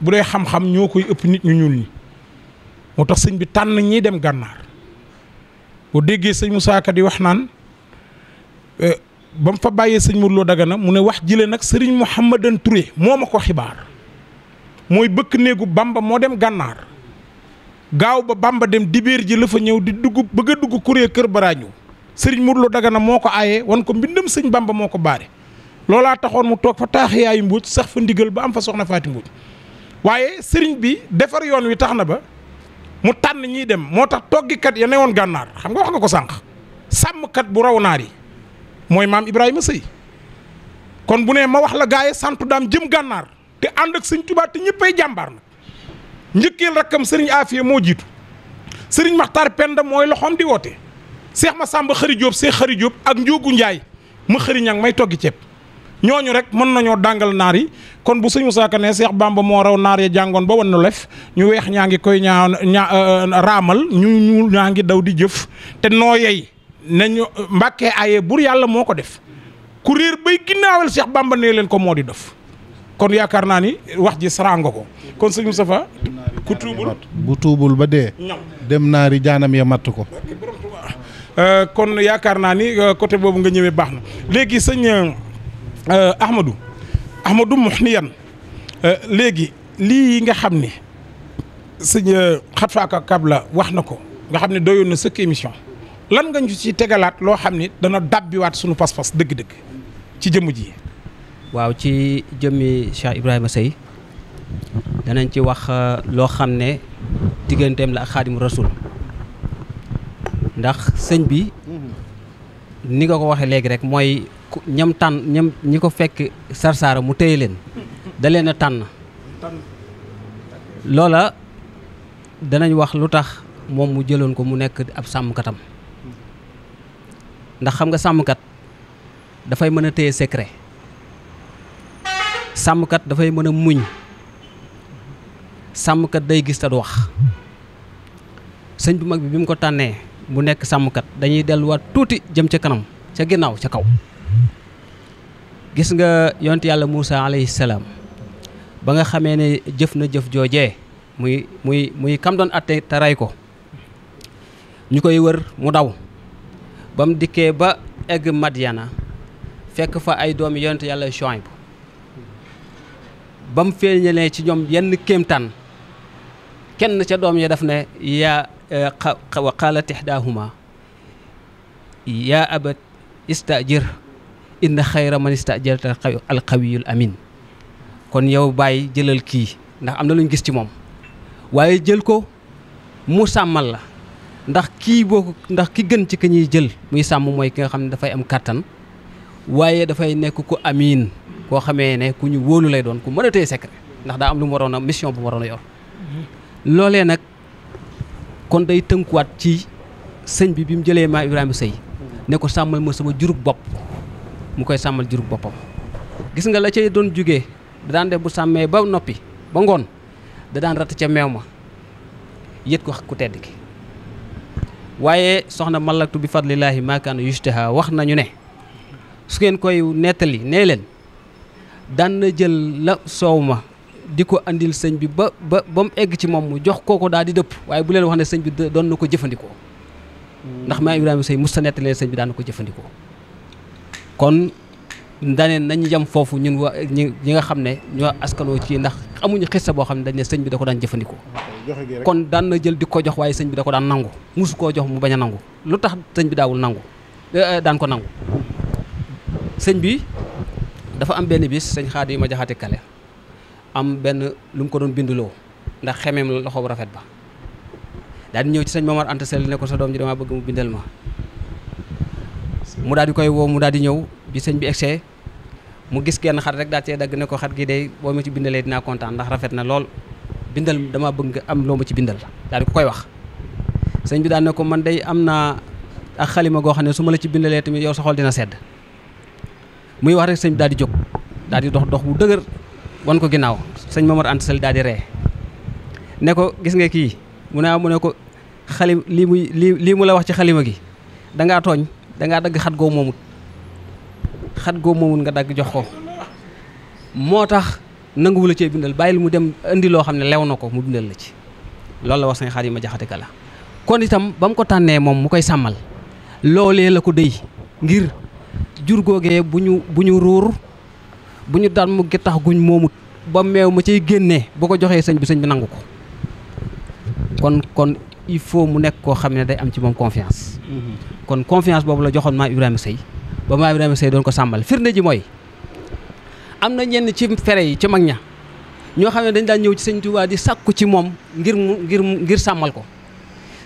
bu dee xam-xam ñoo koy ëpp nit ñu ñuul ñi moo tax sëñ bi tànn ñiy dem gànnaar boo déggee sëñ Moussa Ka di wax naan e, ba mu fa bàyyee sëñ Modou Lo na mu ne wax jile nag sëriñ xam ma Mouhamadan Touré moo ma ko xibaar mooy bëkk néegu Bamba moo dem gànnaar gaaw ba bamba dem dibéer ji la fa ñëw di dugg bëgg a dugg kurée kër baraañu sëriñ Modou Lo na moo ko aaye wan ko mbindam sëñ bamba moo ko baare loolaa taxoon mu toog fa taaxiyaayu mbuuj sax fa ndigal ba am fa soxna faati mbuuj waaye sëriñ bi defar yoon wi tax na ba mu tànn ñiy dem moo tax toggikat ya ne woon gànnaar xam nga wax nga ko sànq sàmmkat bu raw naar yi mooy maam Ibrahima Sëy kon bu ne ma wax la gaaye santu daam jëm gànnaar te ànd ak sëñ Tuubaa te ñëppay jàmbaar na njëkkeel rakkam sëriñ Afia moo jiitu sëriñ Maxtaar Penda mooy loxoom di woote seex ma sàmba xëri Jóob seex xëri ak njóogu njaay ma xëri ñang may toggi ceeb ñooñu rek mën nañoo dàngal naar yi kon bu suñu Musaa Ka ne seex Bàmba moo raw naar ya jàngoon ba wan na lef ñu weex ñaa ngi koy ñaa ñaa euh, raamal ñu ñuul ñaa ngi daw di jëf te noo yey nañu mbàkkee aye bur yàlla moo ko def ku réer bay ginnaawal seex Bàmba nee leen ko moo di def kon yaakaar naa ni wax ji saraango ko kon sëñ Moustapha ku tuubul bu tuubul ba dee dem naari jaanam ya matt ko euh, kon yaakaar naa ni euh, côté boobu nga ñëwee baax na léegi sëñ euh, Ahmadou Ahmadou Mouhniyan léegi lii nga xam ni sëñ xat faaka ko nga xam ne na émission lan nga ñu ci tegalaat loo xam ni dana dàbbiwaat suñu pas-pas dëgg-dëgg ci ji waaw ci jëmmi Cheikh Ibrahima Seye danañ ci wax euh, loo xam ne digganteem la ak xaadim rasul ndax sëñ bi mhm. ni nga ko waxee léegi rek mooy ñam tànn ñam ñi ko fekk sarsaara mu téye leen da leen a tànn loola danañ wax lu tax moom mu jëloon ko mu nekk ab sàmmkatam ndax xam nga sàmmkat dafay mën a téye secret sàmmkat dafay mën a muñ sàmmkat day gis te du wax sëñ bu mag bi mu ko tànnee bu nekk sàmmkat dañuy delluwaat tuuti jëm ca kanam ca ginnaaw ca kaw gis nga yonent yàlla Moussa alayhi ba nga xamee ne jëf na jëf joojee muy muy muy kam doon atte te rey ko ñu koy wër mu daw ba mu dikkee ba egg Madiana fekk fa ay doom yonent yàlla Shuayb ba mu feeñalee ci ñoom yenn kéemtaan kenn ca doom ya daf ne yaa eh, wa qaalat ihdaahuma yaa abat istajir inna xayra man istajarta alqawiyul amin kon yow bàyyi jëlal kii ndax am na lu ñu gis ci moom waaye jël ko mu sàmmal la ndax kii boo ko ndax ki gën ci ki ñuy jël muy sàmm mooy ki nga xam ne dafay am kàttan waaye dafay nekk ko amiin koo xamé ne ku ñu wolu lay doon ku mëna a secret ndax da am lu mu waroon mission bu warona yor mhm. lolé nak kon day wat ci señ bi bimu mu ma Ibrahima Sëy ko samal ma sama juruk bop mu koy samal juruk bopam gis nga la cey doon juggé da dan def bu samé ba nopi ba ngon da dan rat ci mewma ma ko ku tedd ki waaye soxna malaktu bi ma maakaana yushtaha wax nañu ne su ngeen koy netali len daan na jël la soow ma di ko indil sëñ bi ba ba ba mu egg ci moom mu jox kooko daal di dëpp waaye bu leen wax ne sëñ bi doon na ko jëfandikoo ndax maa Ibrahima Seye mos a nettalee sëñ bi daan na ko jëfandikoo kon daneen nañ yem foofu ñun wa ñi ñi nga xam ne ñoo askanoo ci ndax amuñu xissa boo xam ne dañ sëñ bi da ko daan jëfandikoo kon daan na jël di ko jox waaye sëñ bi da ko daan nangu musu koo jox mu bañ a nangu lu tax sëñ bi daawul nangu eh, eh, daan ko nangu sëñ bi dafa am benn bis sëñ xaadi ma jaxati kale am benn lu mu ko doon binduloo ndax xemeem loxo bu rafet ba daal ñëw ci sëñ Momar Anta Sall ne ko sa doom ji damaa bëgg mu bindal ma mu daal di koy woo mu daal di ñëw bi sëñ bi egsee mu gis kenn xar rek daal dagg ne ko xar gi day boo ma ci bindalee dinaa kontaan ndax rafet na lool bindal dama bëgg nga am loo ma ci bindal daal ko koy wax sëñ bi daan ne ko man dey am naa ak xalima goo xam ne su ma la ci bindalee tamit yow sa xol dina sedd muy wax rek sëñ bi daal di jóg daal di dox dox bu dëgër wan ko ginnaaw sëñ Momar Anta Sali daal di ree ne ko gis nga kii mu ne ah mu ne ko xali lii muy lii lii mu la wax ci xalima gi dangaa tooñ dangaa dagg xat goo moomut xat goo moomut nga dagg jox ko moo tax nanguwu la cee bindal bàyyil mu dem indi loo xam ne lew na ko mu bindal la ci loolu la wax sëñ Xaadima Jaxate la kon itam ba mu ko tànnee moom mu koy sàmmal loolee la ko déy ngir jur googee bu ñu bu ñu ruur bu ñu daan mu gittax guñ moomut ba meew ma cay génnee bu ko joxee sëñ bi sëñ bi nangu ko kon kon il faut mu nekk koo xam ne day am ci moom confiance mm-hmm. kon confiance boobu la joxoon maa Ibrahima Sey ba maa Ibrahima Sey doon ko sàmmal firnde ji mooy am na ñenn ci fere yi ci mag ña ñoo xam ne dañ daan ñëw ci sëñ Tuubaa di sàkku ci moom ngir mu ngir ngir sàmmal ko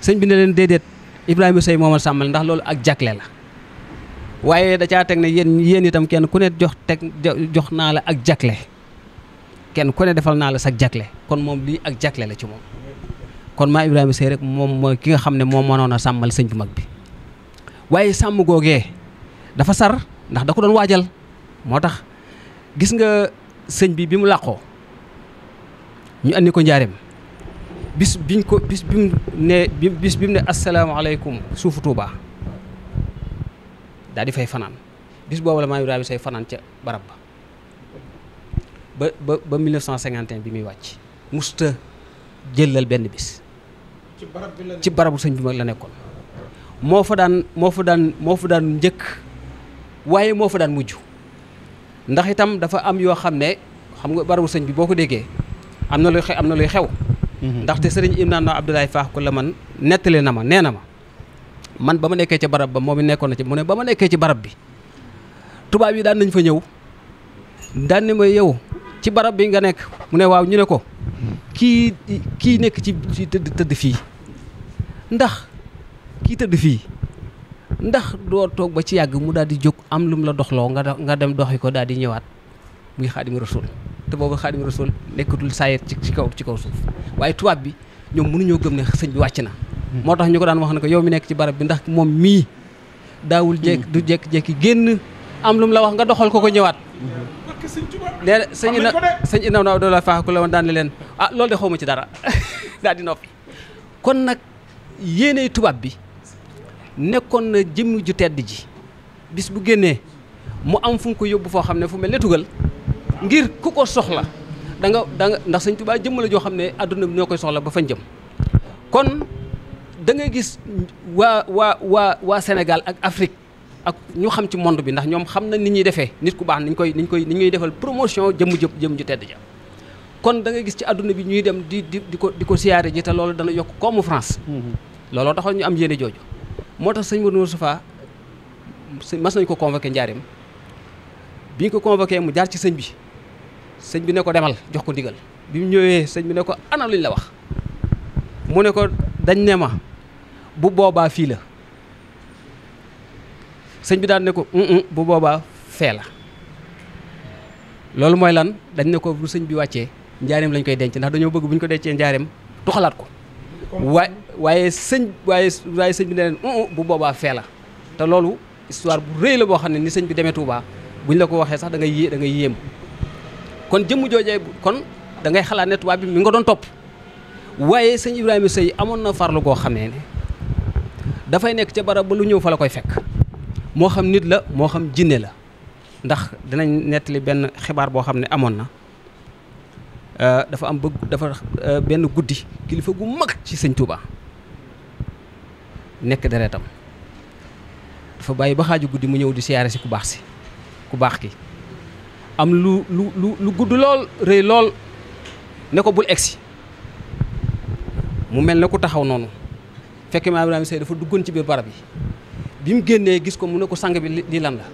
sëñ bi ne leen déedéet Ibrahima Sey moomal sàmmal ndax loolu ak jagle la waaye da caa teg ne yéen yéen itam kenn ku ne jox teg jox naa la ak jagle kenn ku ne defal naa la sag jagle kon moom lii ak jagle la ci moom kon maa Ibrahima Seye rek moom mooy ki nga xam ne moom mënoon a sàmmal sëñ bu mag bi waaye sàmm googee dafa sar ndax da ko doon waajal moo tax gis nga sëñ bi bi mu làqoo ñu andi ko njaareem bis biñ ko bis bi mu ne bis bi mu ne asalaamaaleykum suufu Tuubaa daal di fay fanaan bis boobu la maam Ibrahima Seye fanaan ca barab ba ba ba bi muy wàcc musta jëlal benn bis. ci barabu sëñ bi mag la nekkoon. moo fa daan moo fa daan moo fa daan njëkk waaye moo fa daan mujj ndax itam dafa am yoo xam ne xam nga barabu sëñ bi boo ko déggee am na luy xew am na luy xew. Mhm. ndaxte sëriñ Imnaan Abdoulaye Faax ko la man nettali na ma nee na ma. man ba nekké ci barab ba momi nekkon na ci mune bama nekké ci barab bi tuba bi daan nañ fa ñew daan ni ma yow ci barab bi nga nekk mune waaw ñu ne ki ki nekk ci teud teud fi ndax ki teud fi ndax do tok ba ci yag mu daal di jóg am lum la doxlo nga nga dem doxi ko daal di ñëwaat muy khadim rasul te bobu khadim rasul nekkatul sayet ci kaw ci kaw suuf waye tuba bi mënu ñoo gëm ne señ bi wàcc na moo tax ñu ko daan wax na ko yow mi nekk ci barab bi ndax moom mii daawul jekk du jekki-jekki génn am lu mu la wax nga doxal ko ko ñëwaat nee na sëñ ina sëñ ina na doola la woon daan leen ah loolu de xawma ci dara [LAUGHS] daal di noppi kon nag yéeney tubaab bi nekkoon na jëmm ju tedd ji bis bu génnee mu am fu ko yóbbu foo xam ne fu mel ne tugal ngir ku ko soxla danga nga da ndax sëñ Tuubaa jëmm la joo xam ne àdduna bi noo koy soxla ba fa jëm kon da ngay gis waa waa waa waa Sénégal ak Afrique ak ñu xam ci monde bi ndax ñoom xam na nit ñuy defee nit ku baax niñ koy niñ koy nit ñuy defal promotion jëm jë jëm ju tedd ja kon da gis ci àdduna bi ñuy dem di di ko di ko siyaare ji te loolu dana yokk koomu France mm-hmm. looloo taxoon ñu am yéene jooju moo tax sëñ Modou Moustapha mas nañ ko convoqué njaarim bi ñu ko convoqué mu jaar ci sëñ bi sëñ bi ne ko demal jox ko ndigal bi mu ñëwee sëñ bi ne ko ana luñ la wax mu ne ko dañ ne ma bu boobaa fii la sëñ bi daan ne ko bu boobaa fee la loolu mooy lan dañ ne ko bu sëñ bi wàccee njaareem lañ koy denc ndax dañoo bëgg bu ñu ko dencee njaareem xalaat ko waay waaye sëñ waaye waaye sëñ bi ne leen bu boobaa fee la te loolu histoire bu rëy la boo xam ne ni sëñ bi demee Touba buñ la ko waxee sax dangay ngay da ngay yéem kon jëmm joojee kon dangay xalaat ne tubaab bi mi nga doon topp waaye sëñ Ibrahima Sëy amoon na farlu goo xam ne fay nek ci barab lu ñew fa la koy fekk mo xam nit la mo xam jinne la ndax dinañ netti ben xibar bo xamne ne na na euh, dafa am bëgg dafa euh, ben guddii kilifa gu mag ci sëñ Touba nek deretam dafa bàyyi ba xaju guddii mu ñew di siyaré ci ku bax ci ku bax ki am lu lu lu lu gudd lool ne ko bul exi mu melne ku taxaw fekk Maam Ibrahima Seye dafa duggoon ci biir barab yi bi mu génnee gis ko mu ne ko sang bi lii lan la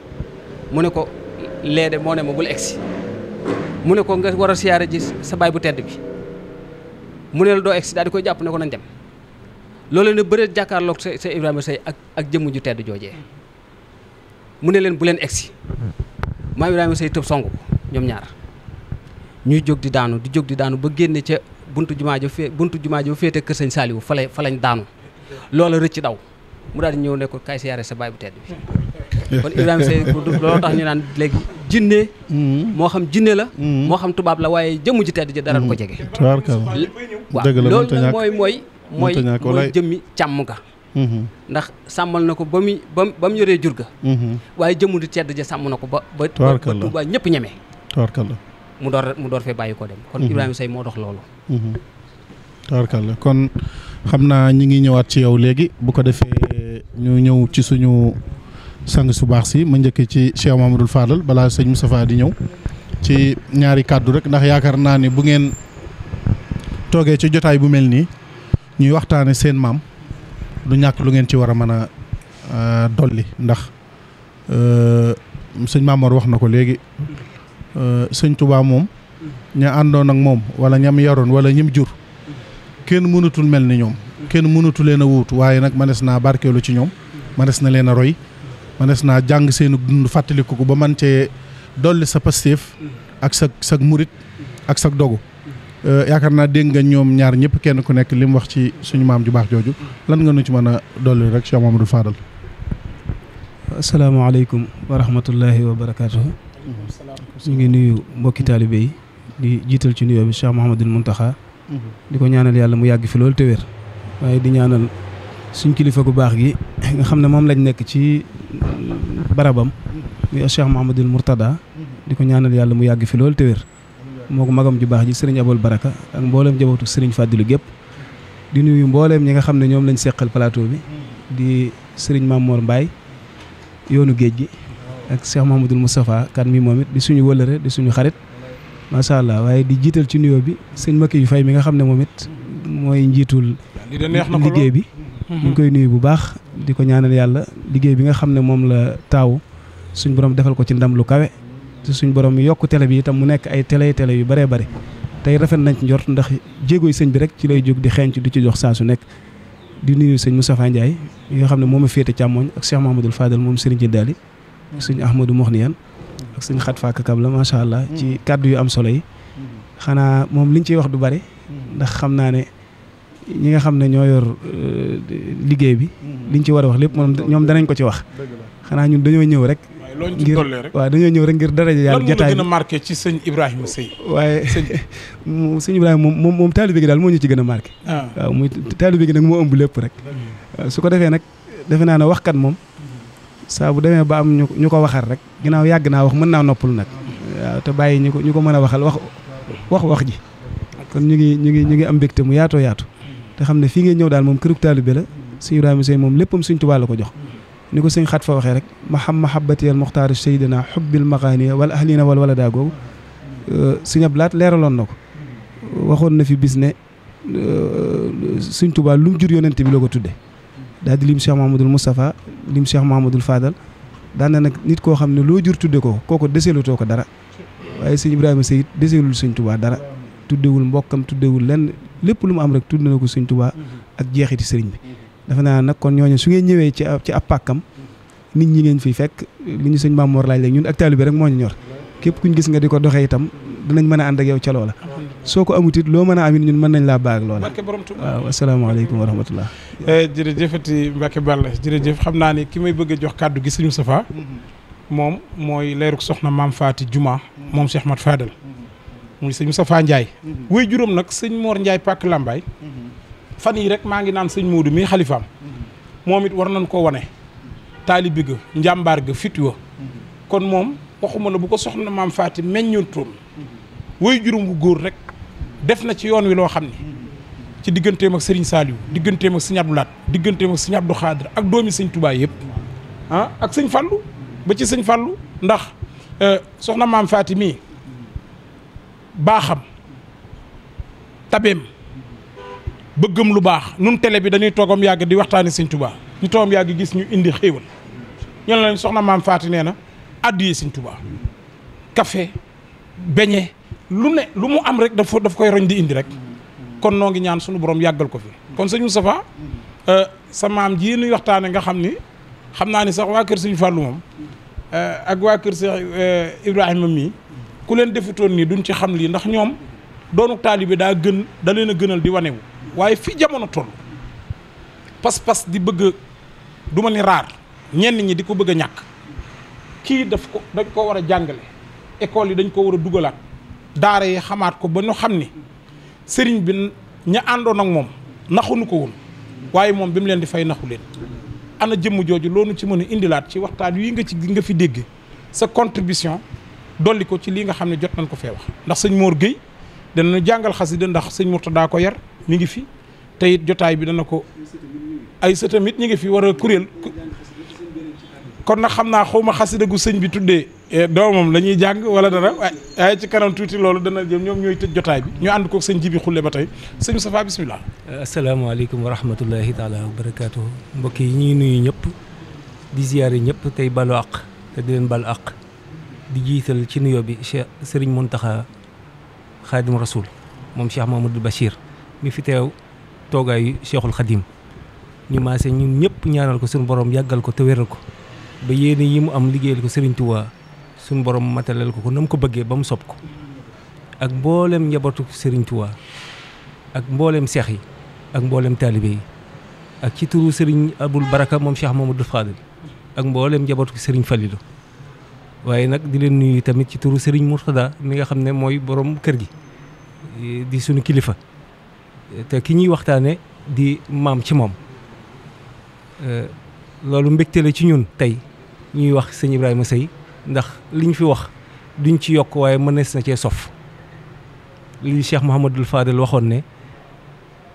mu ne ko leede moo ne ma bul egsi mu ne ko nga war a siyaare ji sa baay bu tedd bi mu ne la doo egsi daal koy jàpp ne ko nañ dem loolu ne bëre jàkkaarlook sa sa Ibrahima Seye ak ak jëmm ju tedd joojee mu ne leen bu leen egsi Maam Ibrahima Seye tëb song ko ñoom ñaar ñuy jóg di daanu di jóg di daanu ba génne ca buntu jumaa ja fee buntu jumaa ja féete kër sëñ Saaliwu fa lañ daanu loola rëcc daw mu daal di ñëw ne ko kaay siyaare sa baay bu tedd bi kon Ibrahima Seye ñu naan léegi jinne mm-hmm. moo xam jinne la mm-hmm. moo xam tubaab la waaye jëmu ji tedd ji dara du ko mm-hmm. jege waaw loolu nag mooy mooy mooy mooy jëmmi càmm ga ndax sàmmal na ko ba muy ba ba mu yoree waaye jëmu di ja sàmm na ko ba ba Tuubaa ñëpp ñeme tabarkalla mu door mu door fee bàyyi koo dem kon Ibrahima moo dox loolu kon xam naa ñi ngi ñëwaat ci yow léegi bu ko defee ñu ñëw ci suñu sang su baax si ma njëkk ci Cheikh Mamadou Fadal balaa sëñ Moustapha di ñëw ci ñaari kàddu rek ndax yaakaar naa ni bu ngeen toogee ci jotaay bu mel nii ñuy waxtaane seen maam du ñàkk lu ngeen ci war a mën a euh, dolli ndax euh, sëñ Maamoor wax na ko léegi euh, sëñ Touba moom ña àndoon ak moom wala ñam yaroon wala ñim jur kenn mënatul mel ni ñoom kenn mënatu leen a wuutu waaye manes na barkeelu ci ñoom manes na leen roy manes na jang seen dund fàttaliku ko ba man aksak dolli sa ak sa sa murit ak sa dogu euh, yaakaar naa dégg nga ñoom ñaar ñëpp kenn ku nekk li mu wax ci suñu maam ju baax jooju lan nga nu ci mën a rek Cheikh Mamadou Fadal asalaamaaleykum wa rahmatullahi wa barakaatuhu ñu ngi nuyu mbokki yi di jital ci nuyoo bi Cheikh di ko ñaanal yàlla mu yàgg fi loolu te waaye di ñaanal suñ kilifa gu baax gi nga xam ne moom lañ nekk ci barabam muy Cheikh Mouhamadul Mourtada di ko ñaanal yàlla mu yàgg fi loolu te wér moo ko magam ju baax ji sëriñ Abol Baraka ak mbooleem jabootu sëriñ Fàddilu gépp di nuyu mbooleem ñi nga xam ne ñoom lañ seqal plateau bi di sëriñ Mamour Mbaye yoonu géej gi ak Cheikh Mouhamadul Moustapha kan mi moom it di suñu wëlëre di suñu xarit macha allah waaye di jiital ci nuyo bi sëñ Makki yu fay mi nga xam ne moom it mooy njiitul liggéey bi mu mhm. ngi koy nuyu bu baax di ko ñaanal yàlla liggéey bi nga xam ne moom la taaw suñ borom defal ko ci ndam lu kawe te suñ borom yokk télé bi itam mu nekk ay télé tele yu bëree bëri tey rafet nañ ci njort ndax jéegooy sëñ bi rek ci lay jóg di xeeñ ci du ci jox saa su nekk di nuyu sëñ Moustapha Ndiaye yoo nga xam ne moom a féete càmmoñ ak Cheikh Mahamadul Fadal moom sëriñ ci daali sëñ Ahmadou Moxniyan ak suñ xat fàkk kab la macha allah. ci kàddu yu am solo yi. xanaa moom liñ ciy wax du bari. ndax xam naa ne ñi nga xam ne ñoo yor euh, liggéey bi. liñ ci war a wax lépp moom ñoom danañ ko ci wax. xanaa ñun dañoo ñëw rek. ngir waaw dañoo ñëw rek ngir dara yàlla jotaay a marqué ci sëñ Ibrahima waaye sëñ [LAUGHS] Ibrahima moom moom taalibe gi daal moo ñu ci gën a marqué. Ah. waaw muy taalibe gi nag moo ëmb lépp rek. su ko defee nag defe naa ne waxkat moom saa bu demee ba am ñu ñu ko waxal rek ginnaaw yàgg naa wax mën naa noppalu nag waaw te bàyyi ñu ko ñu ko mën a waxal wax wax wax ji kon ñu ngi ñu ngi ñu ngi am mbégte mu yaatoo yaatu te xam ne fii ngay ñëw daal moom kërug taalibe la sëñ Ibrahima Seye moom léppam sëñ Tuubaa ko jox ni ko sëñ xat fa waxee rek maham mahabatiyal muxtaar saydina xubbil maxaaniya wal ahlina wal wala daa googu euh, sëñ laat leeraloon na ko waxoon na fi bis ne euh, sëñ Tuubaa lu mu jur yonent bi la ko tudde daal di lim Cheikh Mahamadul Moustapha lim Cheikh Mahamadul Fadal daan na nag nit koo xam ne loo jur tudde ko kooku deselutoo ko dara waaye sëñ Ibrahima Seyit deselul sëñ Touba dara tuddewul mbokkam tuddewul lenn lépp lu mu am rek tudd na ko sëñ Touba ak jeexiti sëriñ bi dafa naa nag kon ñooñu su ngeen ñëwee ci ci ab pàkkam nit ñi ngeen fiy fekk li ñu sëñ Maam Mor laaj ñun ak taalibe rek moo ñor képp kuñ gis nga di ko doxe itam dinañ mën a ànd ak yow ca loola soko amutit lo meuna amine ñun meun nañ la baag lool barke borom Tuuba waaw asalaamaaleykum wa rahmatullah jërëjëfati mbake Balla jere xam xamna ni ki may bëgg jox kàddu gi sëñ Safa mom moy leeru soxna mam fati Juma mom Cheikh Mat Fadal muy sëñ Safa njay way jurom nak sëñ Mor njay pak lambay fan yi rek ma ngi naan sëñ modou mi khalifa momit war nañ ko wone taalibi ga njàmbaar ga fit kon mom waxuma la bu ko soxna fati meññu meññutoon way jurum bu góor rek def na ci yoon wi loo xam ne ci digganteem ak Serigne Saliou digganteem ak Sëñ Abdou Lahat digganteem ak Sëñ Abdou ak doomi Sëñ Touba yëpp ah, ak Sëñ Fallou ba ci Sëñ Fallou ndax euh, soxna maam Faati mii baaxam tabeem bëggam lu baax nun tele bi dañuy toogam yàgg di waxtaani Sëñ Touba ñu toogam yàgg gis ñu indi xéewal ñu ne lañ soxna maam Faati nee na àddiyee Sëñ Touba café beñe lu ne lu mu am rek daf daf koy roñ di indi rek kon noo ngi ñaan sunu borom yàggal ko fi kon sëñ Moustapha euh, sa maam jii nuy waxtaane nga xam ni xam naa ni sax waa kër sëñ Fallou moom euh, ak waa kër Cheikh euh, Ibrahima mii ku leen defutoon nii duñ ci xam lii ndax ñoom doonu taalibe daa gën da leen a gënal di wanewu waaye fi jamono toll pas-pas di bëgg du ma ni raar ñenn ñi di ko bëgg a ñàkk kii daf ko dañ ko war a jàngale école yi dañ ko war a dugalaat daara yi xamaat ko ba ñu xam ni sëriñ bi ña àndoon ak moom naxuñu ko woon waaye moom bi mu leen di fay naxu leen ana jëmm jooju loolu ci mën a indilaat ci waxtaan yi nga ci gi nga fi dégg sa contribution dolli ko ci lii nga xam ne jot nañ ko fee wax ndax sëñ Mor Gueye danañu jàngal xasida ndax sëñ Mourtada ko yar mi ngi fi te it jotaay bi dana ko ay sa tamit ñi ngi fi war a kuréel kon na xam naa xaw ma xasida gu sëñ bi tuddee Eh, doomam la ñuy jàng wala dara waaye ci kanam tuuti loolu dana jëm ñoom ñooy tëj jotaay bi ñu ànd kook sëñ jibi xulle ba tey sëñ Moustapha bisimilah. Eh, asalaamaaleykum wa rahmatullahi taala wa barakaatu mbokk yi ñuy nuyu ñëpp di yi ñëpp tey balu àq te di leen balu àq di jiital ci nuyoo bi Cheikh Serigne Mountakha Khadim Rasoul moom Cheikh Mamadou Bachir ñu fi teew toogaayu Cheikhul Khadim ñu maase ñun ñëpp ñaanal ko suñu boroom yàggal ko te wéral ko ba yéene yi suñu borom matalal ko ko na mu ko bëggee ba mu sob ko ak mboolem njabootu Serigne Touba ak mboolem seex yi ak mboolem taalibe yi ak ci turu Serigne Abul Baraka moom Cheikh Mamadou Fadil ak mboolem njabootu Serigne Falilou waaye nag di leen nuyu tamit ci turu Serigne Mourtada mi nga xam ne mooy borom kër gi di sunu kilifa te ki ñuy waxtaane di maam ci moom loolu mbégte la ci ñun tey ñuy wax sëñ Ibrahima Seye ndax liñ fi wax duñ ci yokk waaye mënees na cee sof li Cheikh Mouhamadul Fadel waxoon ne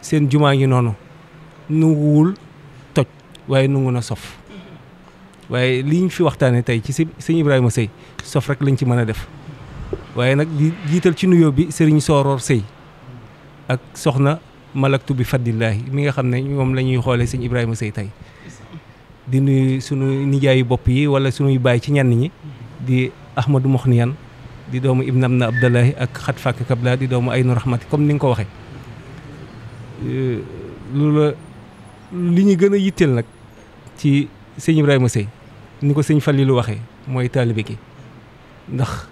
seen jumaa ngi noonu nunguwul toj waaye nungu na sof waaye liñ fi waxtaane tey ci sëñ Ibrahima Sëy sof rek lañ ci mën a def waaye nag di jiital ci nuyoo bi sëriñ Sooroor Sëy ak soxna Malaktu bi Fadilaahi mi nga xam ne ñoom la ñuy xoolee sëñ Ibrahima Sëy tey di nuyu sunu nijaayu bopp yi wala sunuy baay ci ñenn ñi di Ahmadou Moxniyan di doomu Ibn Amna Abdallahi ak xat fàkk kabla di doomu Aynu Rahmati comme ni nga ko waxe euh, loolu la li ñu gën a yitteel nag ci sëñ Ibrahima Seye nu ko sëñ Fallilu waxee mooy taalibe ki ndax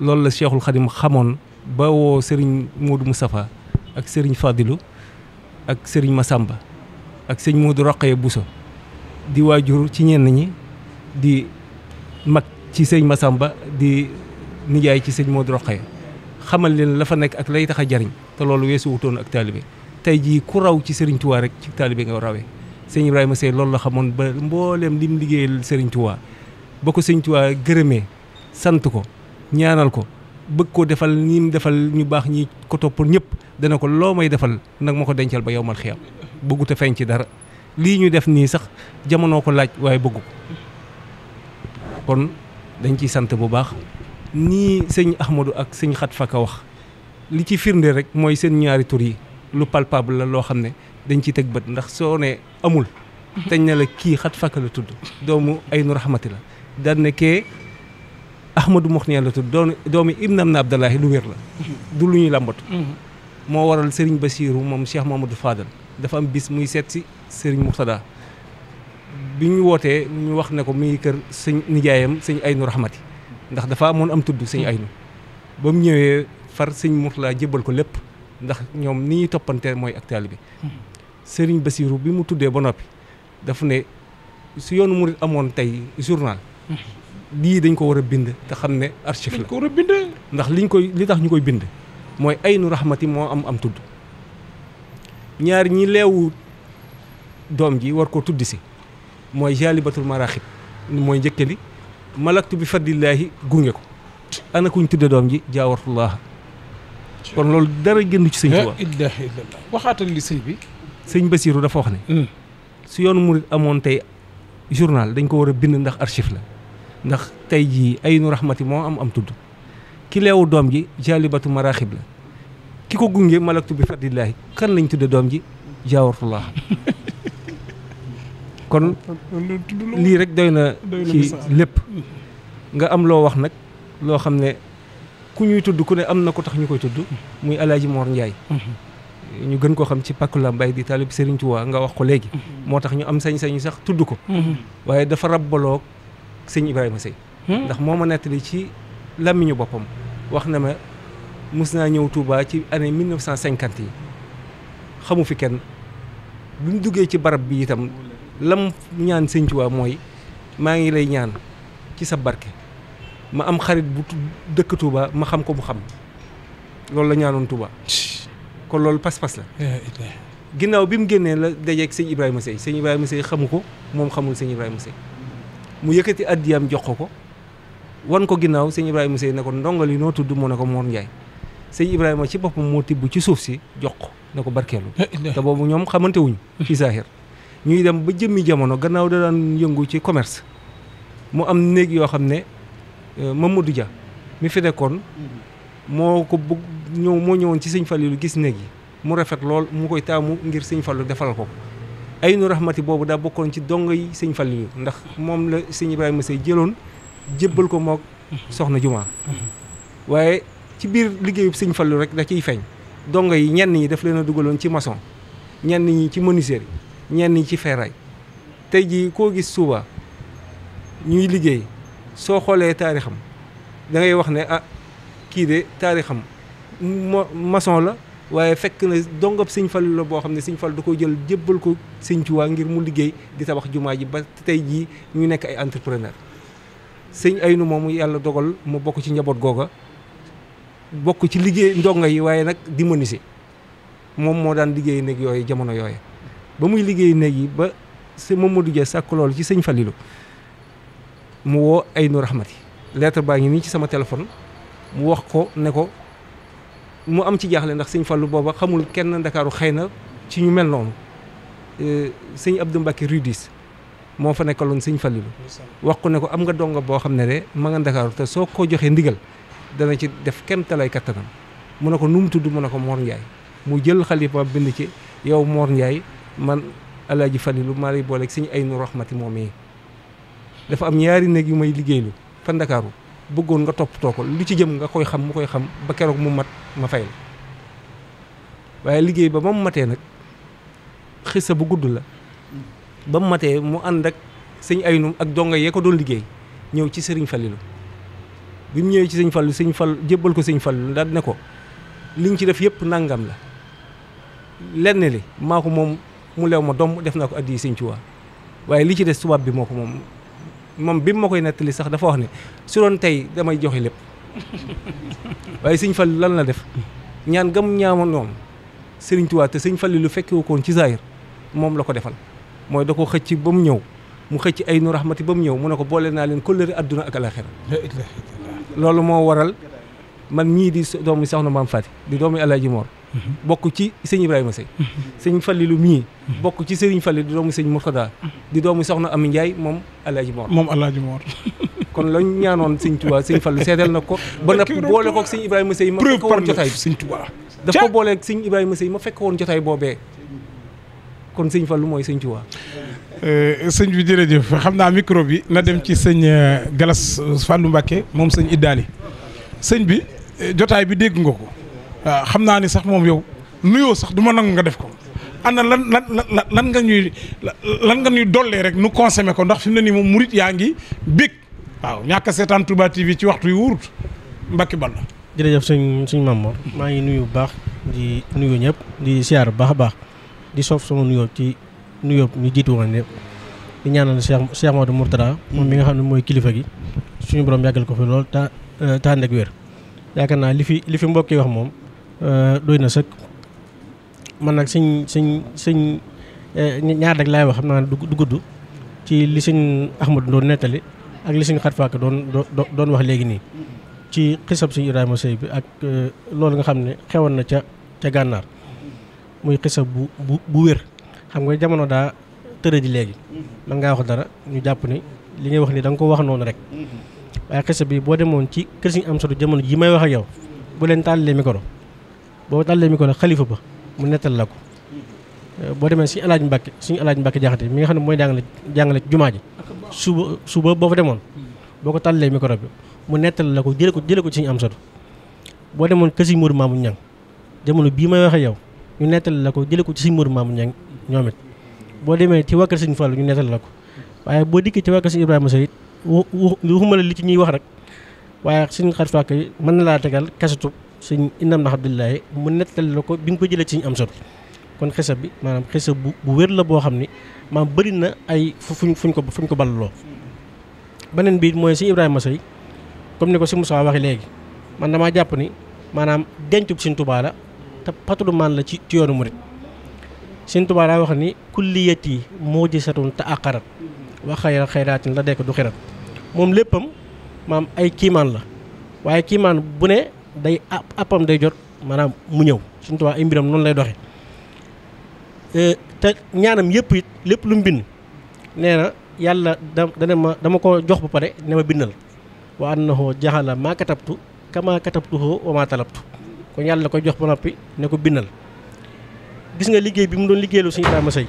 loolu la Cheikhul Khadim xamoon ba woo sëriñ Modou Moustapha ak sëriñ Fadilou ak sëriñ ma Massamba ak sëñ Modou Roqee Bousso. di waajur ci ñenn ñi di mag ci sëñ ma Massamba di nijaay ci sëñ moo Modou Rokhaya xamal leen la fa nekk ak lay tax a jariñ te loolu weesu wutoon ak taalibe tey jii ku raw ci Serigne Touba rek ci taalibe nga rawee sëñ Ibrahima Seye loolu la xamoon ba mbooleem lim liggéeyal Serigne Touba ba ko sëñ Touba gërëmee sant ko ñaanal ko bëgg koo defal ni mu defal ñu baax ñii ko toppoon ñëpp dana ko loo may defal nag ma ko dencal ba yow mal xiyam bëggut a feeñ ci dara. lii ñu def nii sax jamono ko laaj waaye bëgg ko kon dañ ciy sant bu baax nii sëñ Ahmadou ak sëñ Xat Faka wax li ci firnde rek mooy seen ñaari tur yi lu palpable la loo xam ne dañ ciy teg bët ndax soo ne amul teñ ne la kii Xat Faka la tudd doomu ay Aynu Rahmati la daan ne kee Ahmadou Moxniya la tudd doon doomu Ibn Amna Abdallahi lu wér la du lu ñuy làmbatu mm-hmm. moo waral Serigne Bassirou moom Cheikh Mamadou Fadal dafa am bis muy seet si Serigne Mourtada bi ñu wootee ñu wax ne ko mi ngi kër sëñ nijaayam sëñ Aynu Rahmati ndax dafa amoon am tudd sëñ Aynu ba mu ñëwee far sëñ Mourtada jébbal ko lépp ndax ñoom ni ñuy toppante mooy ak taalibe bi Serigne Bassirou bi mu tuddee ba noppi dafa ne su yoonu murit amoon tey journal lii dañ ko war a bind te xam ne archive la dañ ko war ndax liñ koy li tax ñu koy bind mooy Aynu Rahmati moo am am tudd ñaar ñi leewu doom ji war koo tudd si mooy jaalibatul maraaxib mooy njëkkali malaktu bi fadlillaahi gunge ko ana kuñ doom ji jaawartullaaha kon loolu dara génn ci sëñ Tuubaa ilaaha sëñ bi sëñ Basiiru dafa wax ne hmm. su amoon tey journal dañ ko war a bind ndax archive la ndax tey jii aynu rahmati moo am tudd ki leewu doom ji jaalibatu maraaxib la ki ko gunge malaktu bi fadlillaahi kan lañ tudde doom ji jaawartullaaha [LAUGHS] kon lii rek doy na ci lépp nga am loo wax nag loo xam ne ku ñuy tudd ku ne am na ko tax ñu koy tudd muy alaaji Mor Ndiaye mhm. ñu gën ko xam ci pàkku Lambaye di taalib Serigne Touba nga wax ko léegi mhm. moo tax ñu am sañ-sañu sax tudd ko mhm. waaye dafa rabbaloo sëñ Ibrahima Sey hmm? ndax moo ma nettali ci làmmiñu boppam wax na ma mus naa ñëw tuubaa ci année 1950 yi xamu fi kenn bu duggee ci barab bi itam lam ñaan sëñ Tuubaa mooy maa ngi lay ñaan ci sa barke ma am xarit bu dëkk Touba ma xam ko mu xam loolu la ñaanoon Touba kon loolu pas-pas la ginnaaw bi mu génnee la dajeeg sëñ Ibrahima Seye sëñ Ibrahima Seye xamu ko moom xamul sëñ Ibrahima Seye mu yëkkati addiyaam jox ko ko wan ko ginnaaw sëñ Ibrahima Seye ne ko ndongo li noo tudd mu ne ko Mor Ndiaye sëñ Ibrahima ci boppam moo tibb ci suuf si jox ko na ko barkeelu te boobu ñoom xamante ci saahir ñuy dem ba jëmmi jamono gannaaw da daan yëngu ci commerce mu am néeg yoo xam ne euh, Mamadou Dia mi fi nekkoon mm-hmm. moo ko bëgg moo ñëwoon ci sëñ fal Fallu gis néeg yi mu rafet lool mu koy taamu ngir sëñ Fallu defal ko ay nu boobu daa bokkoon ci dongo yi sëñ Fallu ndax moom la sëñ Ibrahima Sey jëloon jébbal ko moog mm-hmm. soxna jumaa mm-hmm. waaye ci biir liggéeyub sëñ Fallu rek da ciy feeñ dongo yi ñenn ñi daf leen a dugaloon ci maçon ñenn ñi ci menuisier yi ñenn ñi ci ferraille tey jii koo gis Touba ñuy liggéey soo xoolee taarixam da ngay wax ne ah kii de taarixam mo maçon la waaye fekk na dongab sëñ fal la boo xam ne sëñ fal du ko jël jébbal ko sëñ Touba ngir mu liggéey di tabax jumaa ji ba tey jii ñu nekk ay entrepreneur sëñ Aynu moomu yàlla dogal mu bokk ci njaboot googa bokk ci liggéey ndongo yi waaye nag di menuisier moom moo daan liggéey nag yooyu jamono yooyu ba muy liggéey néeg yi ba si Mamadou Dia sàkk loolu ci Seigne Falilou mu woo Aynu Rahmati lettre baa ngi nii ci sama téléphone mu wax ko ne ko mu am ci jaaxle ndax Seigne Fallou booba xamul kenn Dakaru xëy na ci ñu mel noonu euh, Seigne Abdou Mbacke Rudis moo fa nekkaloon Seigne Fallou wax ko ne ko am nga donga boo xam ne de ma nga Dakaru te soo ko joxee ndigal dana ci def kem talay kattanam mu ne ko num mu tudd mu ne ko Mor Ndiaye mu jël xalifa bind ci yow Mor Ndiaye man alaaji falilu maa lay booleek suñu ay nu rahmati moom yi dafa am ñaari néeg yu may liggéeylu fa bëggoon nga toppatoo ko lu ci jëm nga koy xam mu koy xam ba keroog mu mat ma fay la waaye liggéey ba ba mu matee nag xisa bu gudd la ba mu matee mu ànd ak sëñ Aynu ak donga yee ko doon liggéey ñëw ci sëriñ Falilu bi mu ñëwee ci sëñ Falilu sëñ Fal jébbal ko sëñ Falilu daal ne ko li liñ ci def yëpp nangam la lenn li maa ko moom mu lew ma doom def naa ko addi Sëñ Tuubaa waaye li ci des tubaab bi moo ko moom moom bi ma koy nettali sax dafa wax ne su doon tey damay joxe lépp [LAUGHS] waaye Sëñ Fallu lan la def ñaan gam ñaama noom Sëriñ Tuubaa te Sëñ Fallu lu fekkewu koon ci zaahir moom la ko defal mooy da ko xëcc ba mu ñëw mu xëcc ay nu raxmati ba mu ñëw mu ne ko boole naa leen kóllëre adduna ak alaxira loolu moo waral man ñii di doomi soxna Maam Faati di doomi Alaaji Moor bokk ci sëñ Ibrahima Seye sëñ fal Fallilu mii bokk ci sëriñ Fallilu di doomu sëñ Murtada di doomu soxna Ami Ndiaye moom Alaaji Moor moom Alaaji Moor [LAUGHS] kon lañ ñaanoon sëñ Tuubaa sëñ Fallu seetal na ko ba nag boole kook sëñ Ibrahima Seye ma fekk woon jotaay sëñ Tuubaa daf ko booleeg sëñ Ibrahima Seye ma fekk woon jotaay boobee kon sëñ Fallu mooy euh, sëñ bi jërëjëf xam naa micro bi na dem ci sëñ euh, Galas Fallu Mbàkke moom sëñ Iddaali sëñ bi euh, jotaay bi dégg nga ko xam naa ni sax moom yow nuyoo sax du ma nangu nga def ko ana lan lan lan nga ñuy lan nga ñuy dollee rek nu consommé ko ndax fi mu ne nii moom murit yaa ngi bég waaw ñàkk a seetaan Touba TV ci waxtu yu wurut mbakki bal la. jërëjëf sëñ sëñ Mamor maa ngi nuyu bu baax di nuyoo ñëpp di siyaar bu baax a baax di soof sama nuyoo ci nuyoo ñu jiitu woon ñëpp di ñaanal Cheikh Cheikh Modou Mourtada moom mi nga xam ne mooy kilifa gi suñu borom yàggal ko fi lool ta tànd ak wér naa li fi li fi mbokk wax moom. Euh, doy na sëkk man nag sëñ sëñ sëñ eh, ñaar rek laay wax xam naa du gudd ci li sëñ Ahmadu doon nettali ak li sëñ Xat doon doon wax léegi nii ci xisab sëñ Ibrahima Sëy bi ak eh, loolu nga xam ne xewoon na ca ca gànnaar muy xisab bu bu bu wér xam nga jamono daa tërë ji léegi man ngaa wax dara ñu jàpp ni li ngay wax ni danga ko wax noonu rek waaye xisab bi boo demoon ci kër sëñ am solo jamono ji may wax ak yow bu leen tàllalee micro boo dalee mi ko nag xalifa ba mu nettal la ko boo demee si alaaj Mbàkke suñu alaaj Mbàkke jaxate mi nga xam ne mooy jàngale jàngale jumaa ji suba suba boo fa demoon boo ko tàllee micro bi mu nettal la ko jële ko jële ko ci suñu am boo demoon kër si mu Mamou Niang jamono bii may waxe yow ñu nettal la ko jële ko ci suñu Mourou Mamou Niang ñoom it boo demee ci wàkkar Sëñ Fallu ñu nettal la ko waaye boo dikkee ci wàkkar Sëñ Ibrahima Seyit waxuma la li ci ñuy wax rek waaye suñu xar fàkk mën na laa tegal kasetu suñ inam na Abdoulaye mu nettali la ko bi nga ko jëlee ci ñu am solo kon xisa bi maanaam xisa bu bu wér la boo xam ni maam bëri na ay fuñ fuñ ko fuñ ko ballaloo. beneen bi mooy si Ibrahima Seye comme ni ko si Moussa waxee léegi man damaa jàpp ni maanaam dencub Sëñ Tuubaa la te patrimoine la ci yoonu murit Sëñ Tuubaa daa wax ni kulliyat yi moo jësatoon te àqarat wa xayra xayraatin la dekk du xirat moom léppam maam ay kiimaan la waaye kiimaan bu ne day appam day jot maanaam mu ñëw suñu Tuubaa ay mbiram noonu lay doxe e, te ñaanam yëpp it lépp lu mu bind nee na yàlla da dana ma dama ko jox ba pare ne ma bindal wa annahu jaxala maa katabtu kama katabtuhu wa maa talabtu kon yàlla koy jox ba noppi ne ko bindal gis nga liggéey bi mu doon liggéeylu suñu Ibrahima Sëy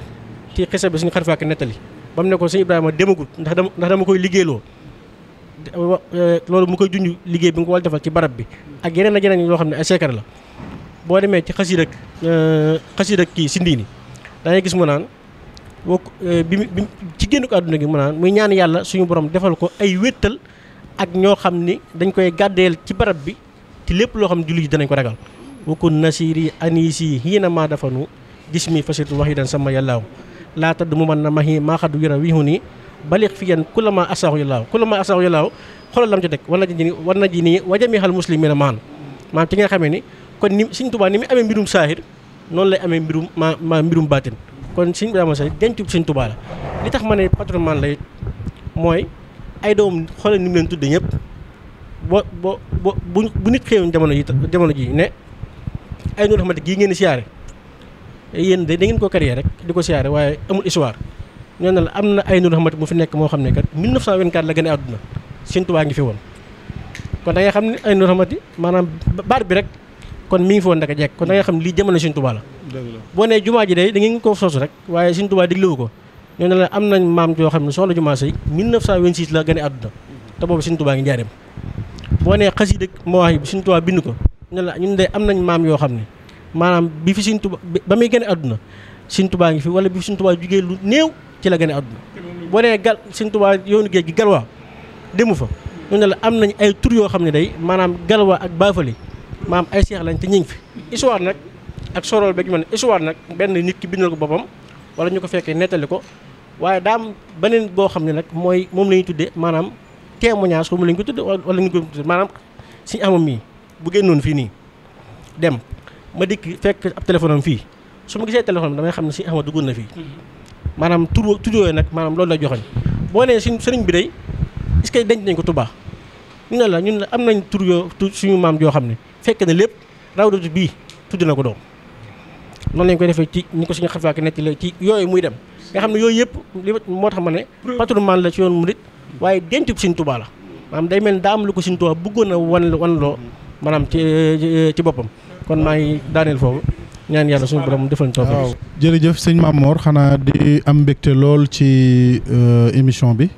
ci xese bi suñu xarfaak nettali ba mu ne ko suñu Ibrahima demagul ndax dama ndax dama koy liggéeyloo loolu mu koy junj liggéey bi nga ko defal ci barab bi ak yeneen ak yeneen yoo xam ne ay secret la boo demee ci xasida ak euh, xasida ak kii ni da ngay gis mu naan euh, bi bi ci génn ko àdduna gi mu naan muy ñaan yàlla suñu borom defal ko ay wéttal ak ñoo xam ni dañ koy gàddeel ci barab bi ci lépp loo xam ne jullit danañ ko ragal wakun nasiri anisi hina ma dafanu gis mi fasitu sama yàllaaw laata du mu mën na mahi maaxadu yura balik fiyan kulama asahu yallahu kullama asahu yallahu xolal lam ci tek wala jini wala jini wajami hal muslimina man man ci nga xamé ni kon ni seigne touba ni mi amé mbirum sahir non lay amé mbirum ma, ma mbirum batin kon seigne ibrahima sahir dencu seigne touba la li tax mané man lay moy ay doom xolal ni len tuddé ñep bo bo bu nit xewon jamono yi jamono ji ne ay ñu xamanté gi ngeen siaré yeen de ngeen ko carrière rek diko siaré waye amul histoire nee na la am na ay nu rahmat mu fi nekk moo xam ne kat 1924 ne ay nu rahmat bi rek kon mi ngi da ngay xam ne lii jamono Sëñ Tuubaa la boo nee jumaa ji day da ngeen ko sos yoo xam ne soxna jumaa sëy 1926 la gën a àdduna te ngi fi Sëñ ba ngi fi wala bi fi Sëñ Tuubaa jugee lu néew ci la gane àdduna boo nee gal Sëñ Tuubaa yoonu géej gi galwaa demu fa ñu ne la am nañ ay tur yoo xam ne day maanaam galwaa ak baafali maanaam ay seex lañ te ñu ngi fi histoire nag ak sorol beeg man histoire nag benn nit ki bindal ko boppam wala ñu ko fekkee nettali ko waaye daam beneen boo xam ne nag mooy moom la ñuy tuddee maanaam témoignage xaw mu la ñu ko tuddee wala ñu ko tuddee maanaam si amam mii bu génnoon fii nii dem ma dikk fekk ab téléphone fii su ma gisee téléphone bi damay xam ne si ama duggoon na fii maanaam tur tur yooyu nag maanaam loolu la joxoñ boo nee suñ sëriñ bi day est-ce que denc nañ ko Touba ñu ne la ñun am nañ tur yoo suñu maam yoo xam ne fekk ne lépp rawdatu bii tudd na ko doom noonu lañ koy defee ci ñu ko suñu xafaaki nekk ci yooyu muy dem nga xam ne yooyu yëpp li moo tax ma ne patrimoine la ci yoon murit waaye denc suñ Touba la maanaam day mel daa am lu ko suñ Touba bëggoon na wan wanloo maanaam ci ci boppam kon maa ngi daaneel foofu ñaan yàlla suñu borom defal ñu toog jërëjëf sëñ Mamor xanaa di am mbégte lool ci euh, émission bi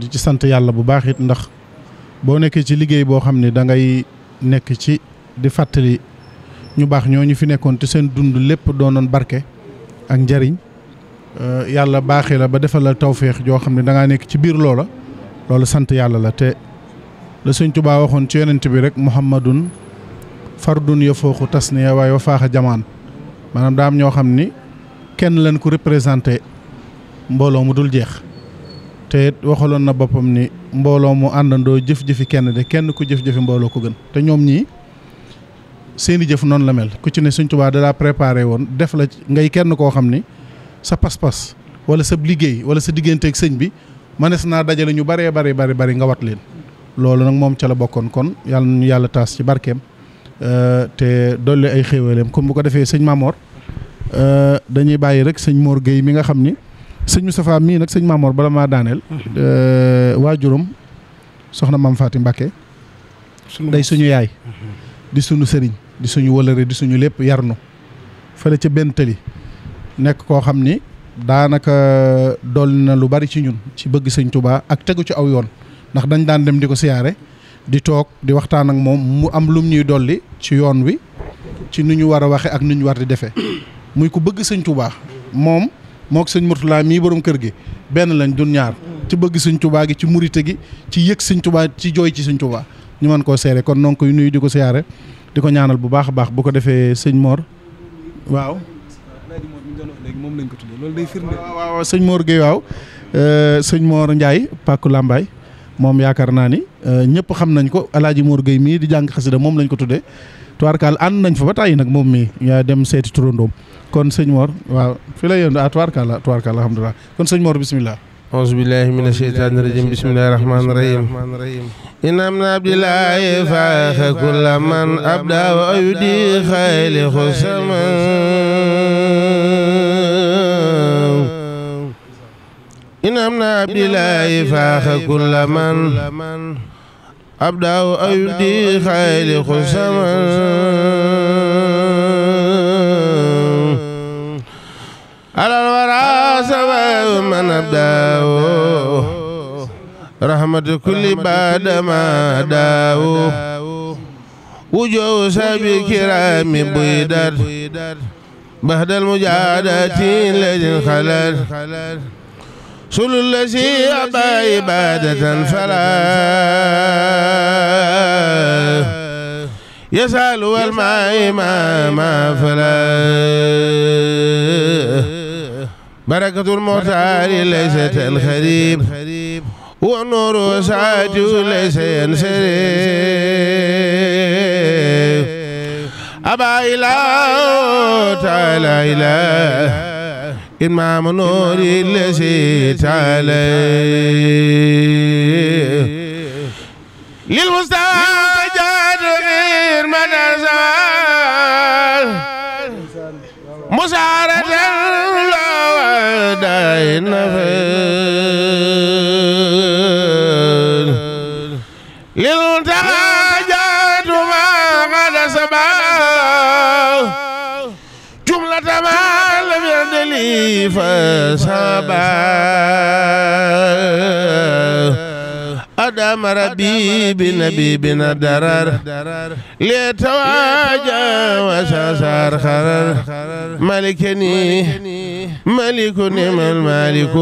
di ci sant yàlla bu baax it ndax boo nekkee ci liggéey boo xam ne da ngay nekk ci di fàttali ñu baax ñoo ñu fi nekkoon te seen dund lépp noon barke ak njariñ euh, yàlla baaxee la ba defal la tawféex joo xam ne da nekk ci biir loola loolu sant yàlla la te la sëñ Tuubaa waxoon ci yonent bi rek muhammadun fardun ya fooxu tas ne waaye wa faax a jamaan maanaam daa am ñoo xam ni kenn leen ko représenté mbooloo mu dul jeex te waxaloon na boppam ni mbooloo mu àndandoo jëf-jëfi kenn de kenn ku jëf-jëfi mbooloo ko gën te ñoom ñii seeni jëf noonu la mel ku ci ne Sëñ Tuubaa da laa préparé woon def la ngay kenn koo xam ni sa pas-pas wala sa liggéey wala sa diggante digganteeg sëñ bi mënees naa dajale ñu baree bari bari bari nga wat leen loolu nag moom ca la bokkoon kon yàlla nu yàlla taas ci barkeem Euh, te dolli ay xéewaleem kon bu ko defee sëñ Mamor euh, dañuy bàyyi rek sëñ Mor Guèye mi nga xam ni sëñ Moustapha mii nag sëñ Mamor bala maa daaneel. Euh, waajuram soxna Mame Faty Mbacké day suñu yaay. Mm-hmm. di suñu sëriñ di suñu wëlëre di suñu lépp yarnu fële ca benn tëli nekk koo xam ni daanaka dool na lu bari ci ñun ci bëgg sëñ tubaa ak tegu ci aw yoon ndax dañ daan dem di ko siyaare. di toog di waxtaan ak moom mu am lum ñuy dolli ci yoon wi ci nu ñu war a waxe ak nu ñu war di defee muy ko bëgg sëñ Touba moom mook sëñ Mourtala mii boroom kër gi benn lañ dun ñaar ci bëgg sëñ Touba gi ci murite gi ci yëg sëñ tubaa ci jooy ci sëñ Touba ñu mën koo seere kon noo ngi nuyu di ko siyaare di ko ñaanal bu baax a baax bu ko defee sëñ moor waaw. moom lañ ko loolu day firnde. waaw waaw sëñ Mor Guèye waaw sëñ Mor euh, Ndiaye Pàkku làmbaay moom yaakaar naa ni euh, ñëpp xam nañ ko El Hadj Mour Guèye mii di jàng xasida moom lañ ko tuddee tubaarkaal ànd nañ fa ba tàyyi nag moom mii ñaa dem seeti turandoom kon sëñ Mor waaw fi la yéen a ah, tubaarkaal la tubaarkaal alhamdulilah kon sëñ Mor bisimilah. auzu billahi mina sheytaani rajim bismillahi rahmaani rahim inam na abdillahi faaxa kulla man abda wa ayudi xayli xusaman أمنا عبد الله فاخ كل من أبدأ أيدي خير خسما على الورى سبع من أبدأ رحمة كل بعد ما داو وجو سبي كرامي بيدر بهد المجادة لجن خلال سل الذي أبى عبادة فلا يسأل والماء ما فلا بركة المختار ليست الخريب ونور وسعاد ليس ينسري أبا إله تعالى إله إمام نور الذي تعالي للمستجد غير من أزال مسارة الله دائن في فسابا أدم ربي بنبي بن درر ليتواجى وسار خرر ملكني ملك نعم المالك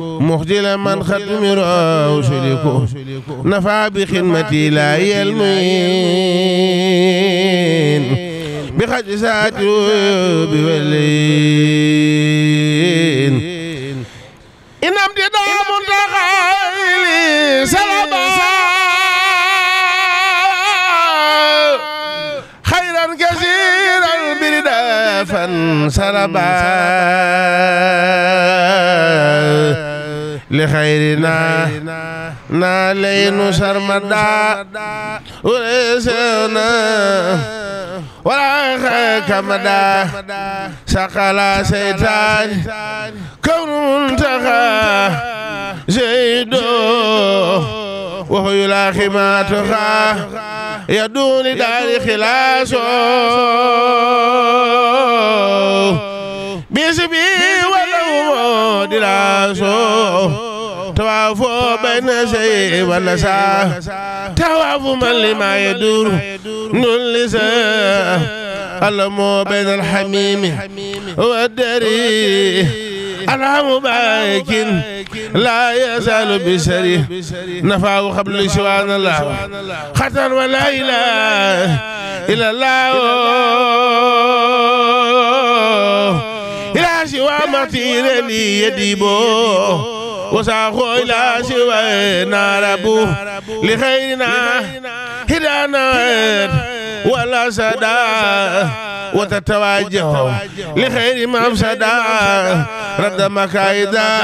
مخجل من ختم رسلك نفع بخدمتي لا يلمين بخد ساتوب ولين إن امتداء منتقى سلام خيرا كثيرا بردا فانسربا لخيرنا نالين شرمدا وليسنا ولا كمدا سقلا سيتان كون منتهى زيدو وهو يلاقي ما تخا يدون دار خلاصه بسبي ولو دراسه توافو بين زي سا توافو من لما يدور نون لسا المو بين الحميم والدري على مبارك لا يزال بسري نفع قبل سبحان الله خطر ولا إله إلا الله إلى شوامتي لي يديبو وساقو إلى سوانا ربو لخيرنا هدانا ولا سدا وتتواجه لخير مفسدا رد مكايدا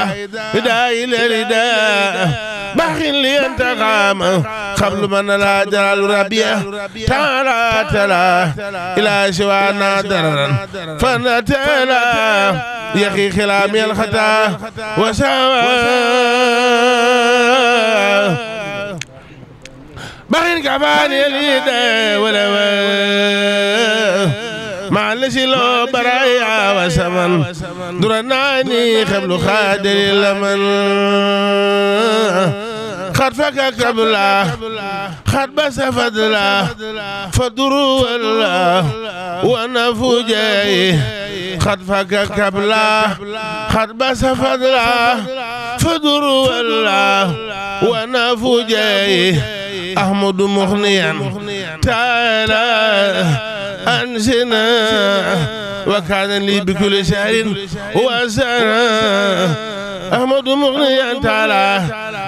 هداي لرداء انت ينتقام قبل من لا جلال ربيع تعالى تلا إلى شوانا دررا فنتلا يخي خلامي الخطا وسوا بخل كفاني اليد ولا مع لو برايا وسمن درناني قبل خادر لمن فكا قبل خد بس فدلا فدرو ولا وانا خد فكا قبل خد بس فدلا فدرو ولا وانا فوجاي احمد مخنيا تعالى عن سنا وكان لي بكل شهر وسنة أحمد مغنيا تعالى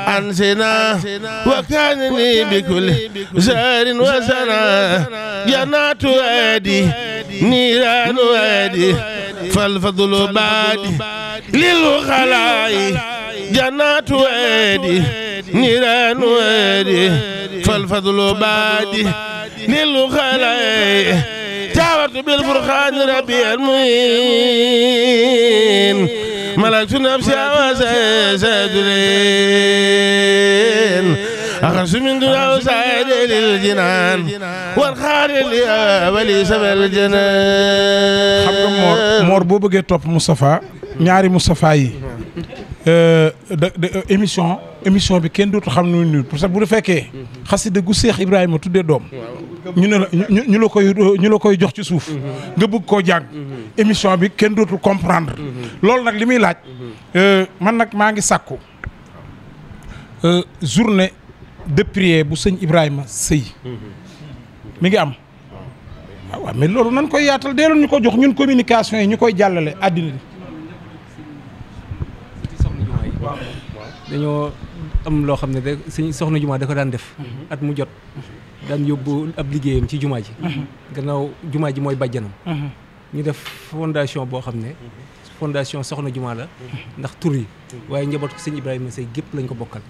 عن سنا وكان لي بكل شهر وسنة جنات وادي نيران وادي فالفضل بادي للخلاي جنات وادي نيران وادي فالفضل بادي للخلاي شاورت بالفرخان ربي المين ملكت نفسي وسيدلين أخرج من دون وسعيد للجنان والخار اللي أولي سبع الجنان xam nga Mor Mor boo ايه ايه ايه émission bi kenn dootu xam nu ñu parce que bu da fekkee xasida gu Seex Ibrahima tuddee doom ñu ne la ñu la koy ñu la koy jox ci suuf nga bëgg koo jàng émission bi kenn dootu comprendre loolu nag li muy laaj euh, man nag maa ngi sàkku euh, journée de prière bu sëñ Ibrahima sëy mi ngi am ah, waaw mais loolu nan koy yaatal delloo ñu ko jox ñun communication yi ñu koy jàllale àddina bi dañoo am loo xam ne da soxna jumaa da ko daan def mhm. at mu jot daan yóbbu ab liggéeyam ci jumaa ji mhm. gannaaw jumaa ji mooy bàjjanam mhm. ñu def fondation boo xam ne fondation soxna jumaa la ndax tur yi waaye njaboot ko sëñ Ibrahima Sey gépp lañ ko bokkal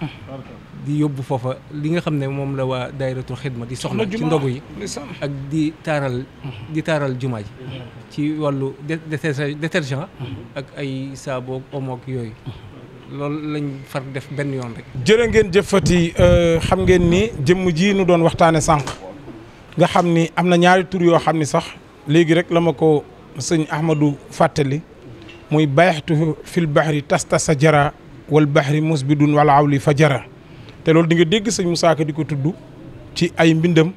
di yóbbu foofa li nga xam ne moom la waa daayiratul xidma di soxla ci ndogu yi ak di taaral di taaral jumaa ji ci wàllu détergent ak ay saaboo omo ak yooyu loolu lañ far def benn yoon rek. jërë ngeen jëfati euh, xam ngeen ni jëmm ji nu doon waxtaanee sànq nga xam ni am na ñaari tur yoo xam ni sax léegi rek la ma ko sëñ Ahmadou fàttali muy bayaxtu fil baxri tasta sa jara wal baxri dun wala awli fa jara te loolu di nga dégg sëñ Moussa Ka di ko tudd ci ay mbindam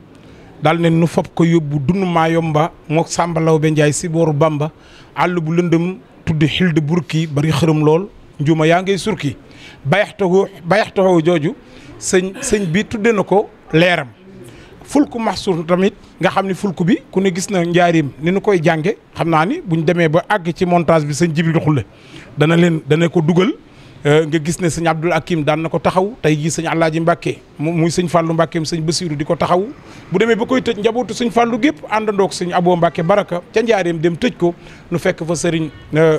daal ne nu fob ko yóbbu dund maa yomba moo sàmbalaw be njaay si booru Bamba àll bu lëndëm tudd xilde burki bari xërëm lool njuuma yaa ngee surki bayaxtahu bayaxtahu jooju sëñ sëñ bi tudde na ko leeram fulku maxsuur tamit nga xam ni fulku bi ku ne gis na njaarim ni nu koy jànge xam naa ni bu buñ demee ba àgg ci montage bi sëñ Jibril Xulle dana leen dana ko dugal euh, nga gis ne sëñ Abdul Akim daan na ko taxaw tey jii sëñ Alaaji Mbàkke muy sëñ Fàllu Mbàkke sëñ Basiiru di ko taxaw bu demee ba koy tëj njabootu sëñ Fàllu gépp àndandoog sëñ Aboo Mbàkke baraka ca njaarim dem tëj ko nu fekk fa sëriñ euh,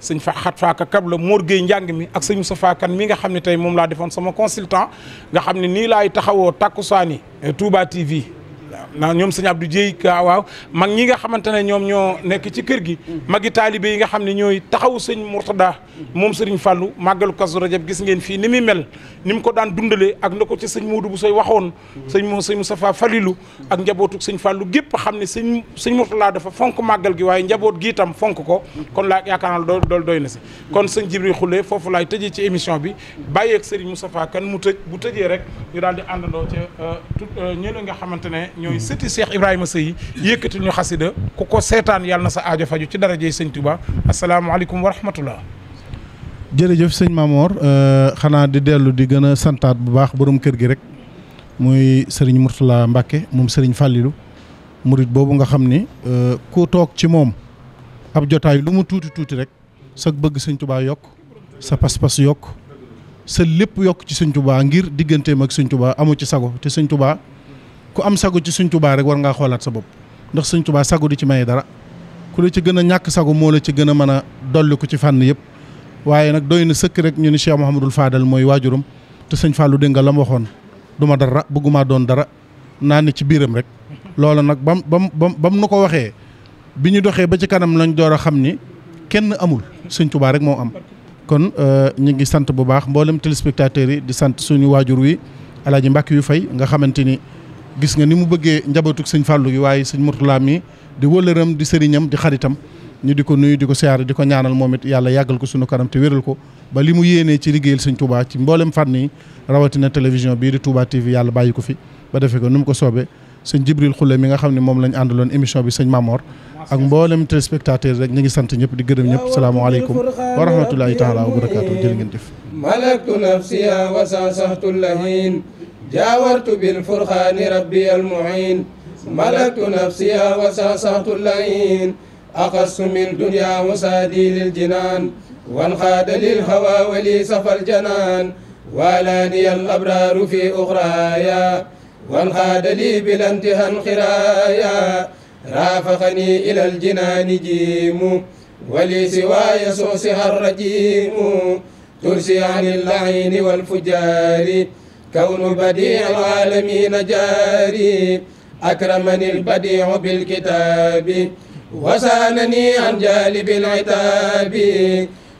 sëñ fa xat faaka kab la Mor Gueye njàng mi ak sëñ Moustapha mi nga xam ne tey moom laa defoon sama consultant nga xam ne nii laay taxawoo takkusaani Touba TV ndax ñoom sëñ Abdou Dieye ka waaw mag ñi nga xamante ne ñoom ñoo nekk ci kër gi magi taalibe yi nga xam ne ñooy taxaw sëñ Mourtada moom sëriñ fàllu màggalu Kazu Rajab gis ngeen fii ni muy mel ni mu ko daan dundalee ak na ko ci sëñ Modou bu sooy sëñ mo sëñ Moustapha Falilou ak njabootu sëñ Fallou gépp xam ne sëñ sëñ Mourtada dafa fonk màggal gi waaye njaboot gi itam fonk ko kon laa yaakaar naa dool doy na si kon sëñ Jibril Khoule foofu laay tëjee ci émission bi bàyyeek sëriñ Moustapha kan mu tëj bu tëjee rek ñu daal di àndandoo ca euh, euh, ñële nga xamante ne ñooy yi sëti Cheikh Ibrahima Sëy yi yëkkatil ñu xasida ku ko seetaan yàlla sa aajo faju ci darajey sëñ Tuba asalaamaaleykum wa rahmatullah jërëjëf sëñ Mamor euh, xanaa di dellu di gën a santaat bu baax borom kër gi rek muy sëriñ Mourtala Mbacke moom sëriñ Fallilou murit boobu nga xam ni euh, ku toog ci moom ab jotaay lu mu tuuti tuuti rek sa bëgg sëñ Tuba yokk sa pas-pas yokk sa lépp yokk ci sëñ Tuba ngir digganteem ak sëñ Tuba amu ci sago te sëñ Tuba ku am sago ci suñ tubaa rek war ngaa xoolaat sa bopp ndax suñ tubaa sago du ci maye dara ku la ci gën a ñàkk sago moo la ci gën a mën a ci fànn yëpp waaye nag doy na sëkk rek ñu ni Cheikh Mouhamadul Fadal mooy waajuram te sëñ Fallou dégg nga la mu waxoon du ma dara bëgguma doon dara naa ne ci biiram rek loolu nag ba ba bam nu ko waxee bi ñu doxee ba ci kanam lañ door a xam ni kenn amul sëñ tubaa rek moo am kon euh, ñu ngi sant bu baax mboolem téléspectateurs yi di sant suñu waajur wi alaaji Mbàkke yu fay nga xamante gis nga ni mu bëggee njabootuk sëñ Fallou gi waaye sëñ Mourtala mi di wëllëram di sëriñam di xaritam ñu di ko nuyu di ko siyaare di ko ñaanal moom it yàlla yàggal ko sunu kanam te wéral ko ba li mu yéenee ci liggéeyal sëñ Touba ci mboolem fànn yi rawatina télévision bii di Touba TV yàlla bàyyi ko fi ba defee ko nu mu ko soobee sëñ Jibril Khoule mi nga xam ne moom lañ àndaloon émission bi sëñ Mamor ak mboolem téléspectateur rek ñu ngi sant ñëpp di gërëm ñëpp salaamaaleykum wa rahmatullahi taala wa barakaatu jërë ngeen jëf malaktu nafsiya wa جاورت بالفرخان ربي المعين ملكت نفسي وساسات اللئين أقص من دنيا وسادي للجنان وانخاد للهوى ولي سفى الجنان والاني الأبرار في أخرايا وانخاد لي بلا انتهى انخرايا رافقني إلى الجنان جيم ولي سواي صوصها الرجيم ترسي عن اللعين والفجار كون بديع العالمين جاري أكرمني البديع بالكتاب وسألني عن جالب العتاب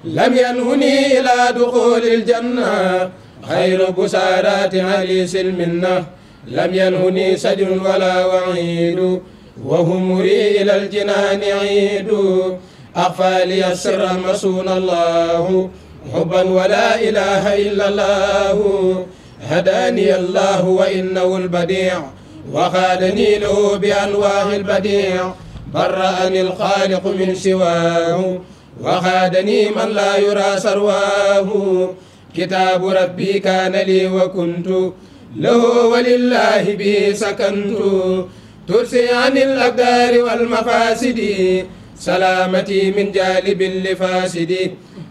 لم ينهني إلى دخول الجنة خير بسارات عريس المنة لم ينهني سجن ولا وعيد وهم ري إلى الجنان عيد أخفى لي السر مسون الله حبا ولا إله إلا الله هداني الله وإنه البديع وخالني له بأنواه البديع برأني الخالق من سواه وخادني من لا يرى سرواه كتاب ربي كان لي وكنت له ولله به سكنت ترسي عن الأقدار والمفاسد سلامتي من جالب لفاسد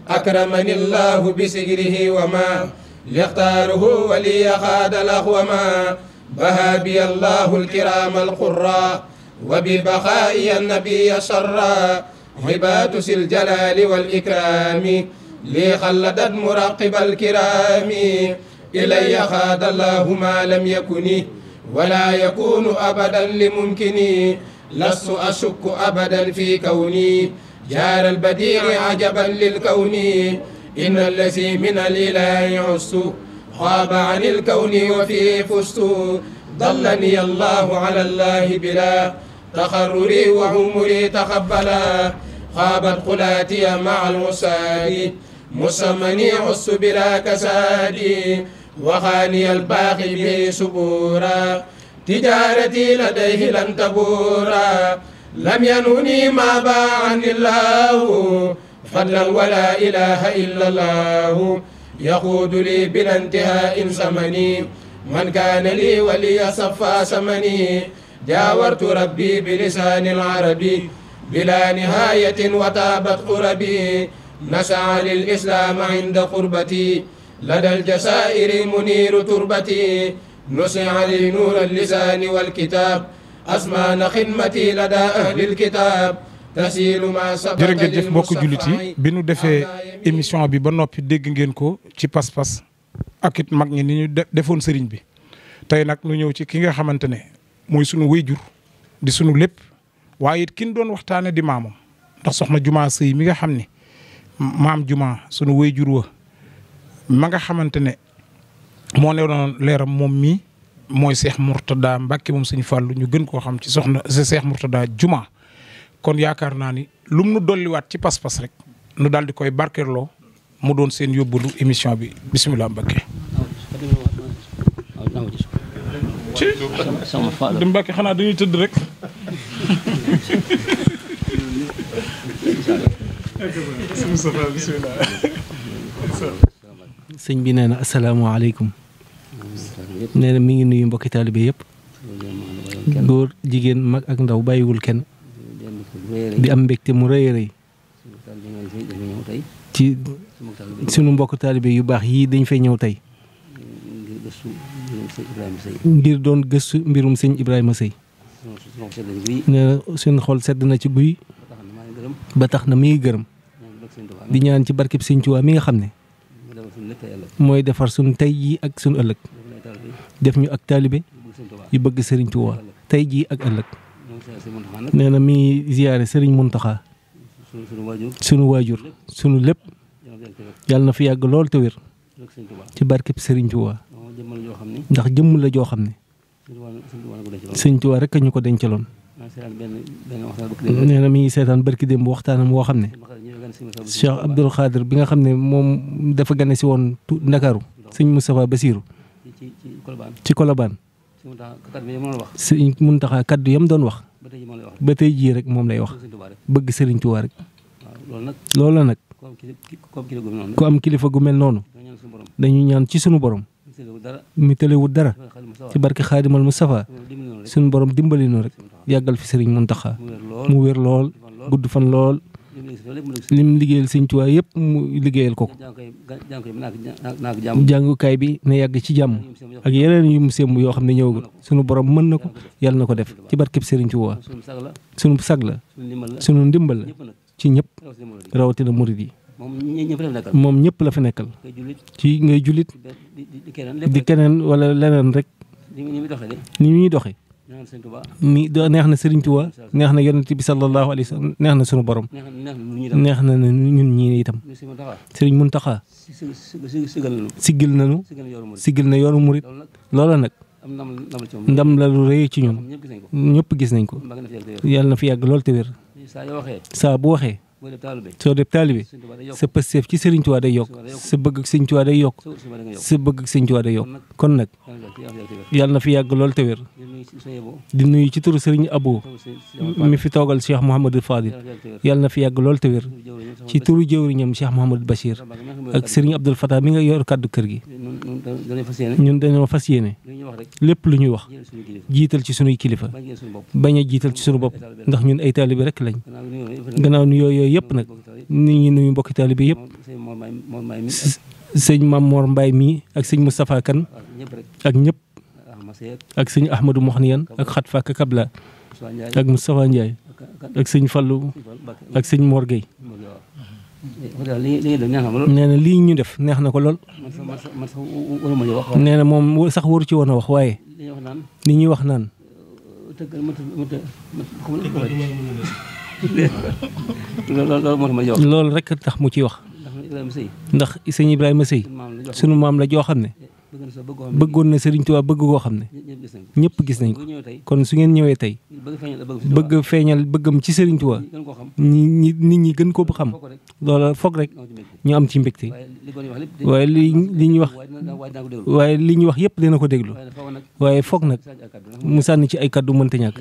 أكرمني الله بسجره وما ليختاره ولي خاد الأخوما بي الله الكرام القراء وببقائي النبي شرا عبادة الجلال والإكرام لي خلدت مراقب الكرام إلي خاد الله ما لم يكن ولا يكون أبدا لممكني لست أشك أبدا في كوني جار البديع عجبا للكون إن الذي من الإله عست خاب عن الكون وفيه فزت ضلني الله على الله بلا تخرري وعمري تقبلا خابت قلاتي مع المسادي مسمني عس بلا كسادي وخاني الباقي به سبورا تجارتي لديه لن تبورا لم ينوني ما باعني الله فضلا ولا إله إلا الله يقود لي بلا انتهاء زمني من كان لي ولي صفى سمني جاورت ربي بلسان العربي بلا نهاية وتابت قربي نسعى للإسلام عند قربتي لدى الجسائر منير تربتي نسعى لي نور اللسان والكتاب أسمان خدمتي لدى أهل الكتاب jërë ngeen jëf mbokk jullit bi nu defee émission bi ba noppi dégg ngeen ko ci pas-pas ak mag ñi ni ñu defoon sëriñ bi tey nag nu ñëw ci ki nga xamante ne mooy sunu wéyjur di sunu lépp waaye it ki doon waxtaanee di maamam ndax soxna jumaa Sëy mi nga xam ni maam jumaa sunu wéyjur wa ma nga xamante ne moo ne doon leeram moom mii mooy Seex Murtada mbakki moom Sëñ Fàllu ñu gën koo xam ci soxna Seex Murtada Juma. kon yaakar naa ni lum nu dolliwaat ci pas-pas rek nu daal di koy barkeeloo mu doon seen yóbbalu émission bi bismillah Mbacke. ci di Mbacke xanaa dañuy tëdd rek. sëñ bi nee na asalaamaaleykum. nee na mi ngi nuyu mbokki taalibe yëpp. góor jigéen mag ak ndaw bàyyiwul kenn. di am mbégte mu rëy a rëy ci sunu mbokk taalibe yu baax yii dañ fay ñëw tey ngir doon gëstu mbirum sëñ Ibrahima Sëy nee na seen xol sedd na ci guy ba tax na mi gërëm di ñaan ci barkeb sëñ Tuubaa mi nga xam ne mooy defar suñ tey jii ak suñ ëllëg def ñu ak taalibe yu bëgg sëriñ Tuubaa tey jii ak ëllëg nee na mi ngi ziyaare Serigne Mountakha sunu waajur sunu lépp yàlla na fi yàgg lool te wér ci barkeb Serigne Touba ndax jëmm la joo xam ne Serigne Touba rek a ñu ko dencaloon. nee na mi ngi seetaan barki démb waxtaanam woo xam ne Cheikh Abdoul Khadir bi nga xam ne moom dafa gane si woon Ndakaaru sëñ Moustapha Bassirou ci Colobane. ci Colobane. sëñ Mountakha kaddu yam doon wax. ba tey jii rek moom lay wax bëgg Sëriñ Tuubaa rek loolu nag ku am kilifa gu mel noonu dañu ñaan ci sunu borom mi tëlewut dara ci barke xaadimal Mustafa sunu borom dimbali nu rek yàggal fi Sëriñ Muntaxa mu wér lool gudd fan lool lim liggéeyal seigne touba yépp mu liggéeyal ko kay bi na yàgg ci jàmm ak yeneen yu mu sëmb yoo xam ne ñëwagul sunu borom mën na ko yàlla na ko def ci barkeb sëriñ touba sunu sag la sunu ndimbal la ci ñëpp rawatina murid yi moom ñëpp la fi nekkal ci ngay julit di keneen wala leneen rek ni muy doxee mi neex na Sëriñ Tuubaa neex na yonent bi sallallahu alayhi wa sallam neex na sunu borom neex na ñun ñi itam Sëriñ Muntaxa siggil nañu siggil na yoonu murit loola nag ndam la lu rëy ci ñun ñëpp gis nañ ko yàlla na fi yàgg lool te wér saa bu waxee soo def taalibe sa pësteef ci Sëriñ Tuubaa day yokk sa bëgg ak Sëriñ Tuubaa day yokk sa bëgg ak Sëriñ Tuubaa day yokk kon nag yàlla na fi yàgg lool te wér di nuyu ci turu Sëriñ Abo mi fi toogal Cheikh Mouhamadou Fadil yàlla na fi yàgg lool te wér ci turu jëwriñam Cheikh Mouhamadou Bachir ak Sëriñ Abdoul Fatah mi kër gi ñun dañoo fas yéene lépp lu ñuy wax jiital ci sunuy kilifa bañ a jiital ci sunu bopp ndax ñun ay taalibe rek lañ gannaaw nu yooyu yooyu yëpp nag nit ñi nuyu mbokki taalibe yëpp sëñ Mame Mor Mbaye mii ak sëñ Moustapha Kane ak ñëpp ak sëñ Ahmadou Moxniyan ak Xat Fàkk Kabla ak Moustapha Ndiaye ak sëñ Fallou ak sëñ Mor Gueye nee na lii ñu def neex na ko lool. nee na moom sax waru ci woon a wax waaye. li ñuy wax naan. loolu rekk tax mu ciy wax. ndax sëñ Ibrahima Sëy sunu maam la joo xam ne. bëggoon na Sëriñ Tuubaa bëgg koo xam ne. ñëpp gis nañ ko kon su ngeen ñëwee tey. bëgg feeñal bëggam ci Serigne Touba ñi nit ñi gën koo xam loola foog rek ñu am ci mbégte waaye li li ñuy wax waaye li ñuy wax yëpp dina ko déglu waaye foog nag mu sànni ci ay kaddu mënta ñàkk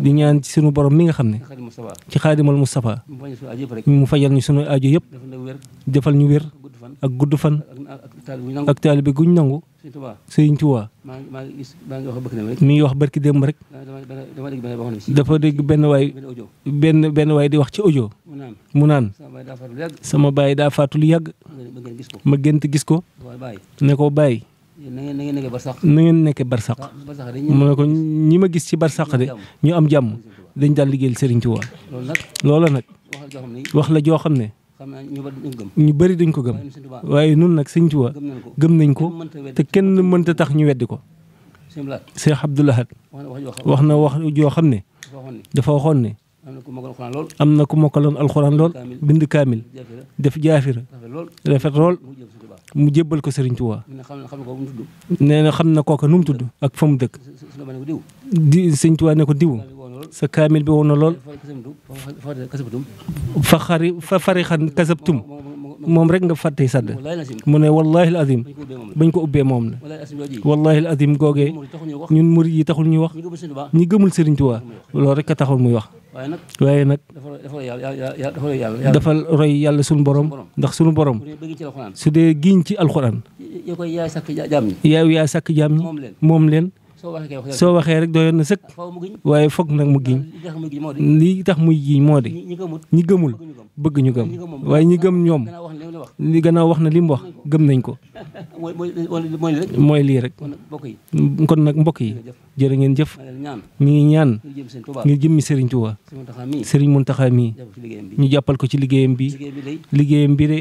di ñaan ci sunu borom mi nga xam ne ci xaadimal Moustapha mu fajal ñu sunu aajo yëpp defal ñu wér ak gudd fan ak taalibe guñ nangu sëriñ Tuubaa mi ngi wax barki démb rek dafa dégg benn waay benn benn waay di wax ci audio mu naan sama baay daa faatu lu yàgg ma gént gis ko ne ko bàyyi na ngeen nekkee barsax mu ne ko ñi ma gis ci barsax de ñu am jàmm dañ daan liggéeyal sëriñ Tuubaa loola nag wax la joo xam ne ñu bari dañ ko gëm waaye nun nag sëñ Tuubaa gëm nañ ko te kenn mënta tax ñu weddi ko Cheikh Abdou Lahad wax na wax joo xam ne dafa waxoon ne am na ku mokkaloon alxuraan lool bind kaamil def jaafira rafet lool mu jébbal ko Serigne Touba nee na xam na kooka nu mu tudd ak fa mu dëkk di Serigne Touba ne ko diw sa kaamil bi woon na lool fa xari fa farixan kasabtum moom rek nga fàtte sadd mu ne wallahi azim bañ ko ubbee moom la wallahi azim googee ñun murid yi taxul ñuy wax ñi gëmul Sëriñ Tuubaa loolu rek a taxul muy wax waaye nag dafa roy yàlla suñu borom ndax suñu borom su dee giñ ci alxuraan yow yaa sàkk jaam ñi moom leen soo waxee rek doyoon na sëkk waaye foog nag mu giñ li tax muy giñ moo di ñi gëmul bëgg ñu gëm waaye ñi gëm ñoom li gannaaw wax na li mu wax gëm nañ ko [LAUGHS] mooy lii rek kon nag mbokk yi jërë ngeen jëf mi ngi ñaan ngir jëmmi Serigne Touba Serigne Mountakha mii ñu jàppal ko ci liggéeyam bi liggéeyam bi de.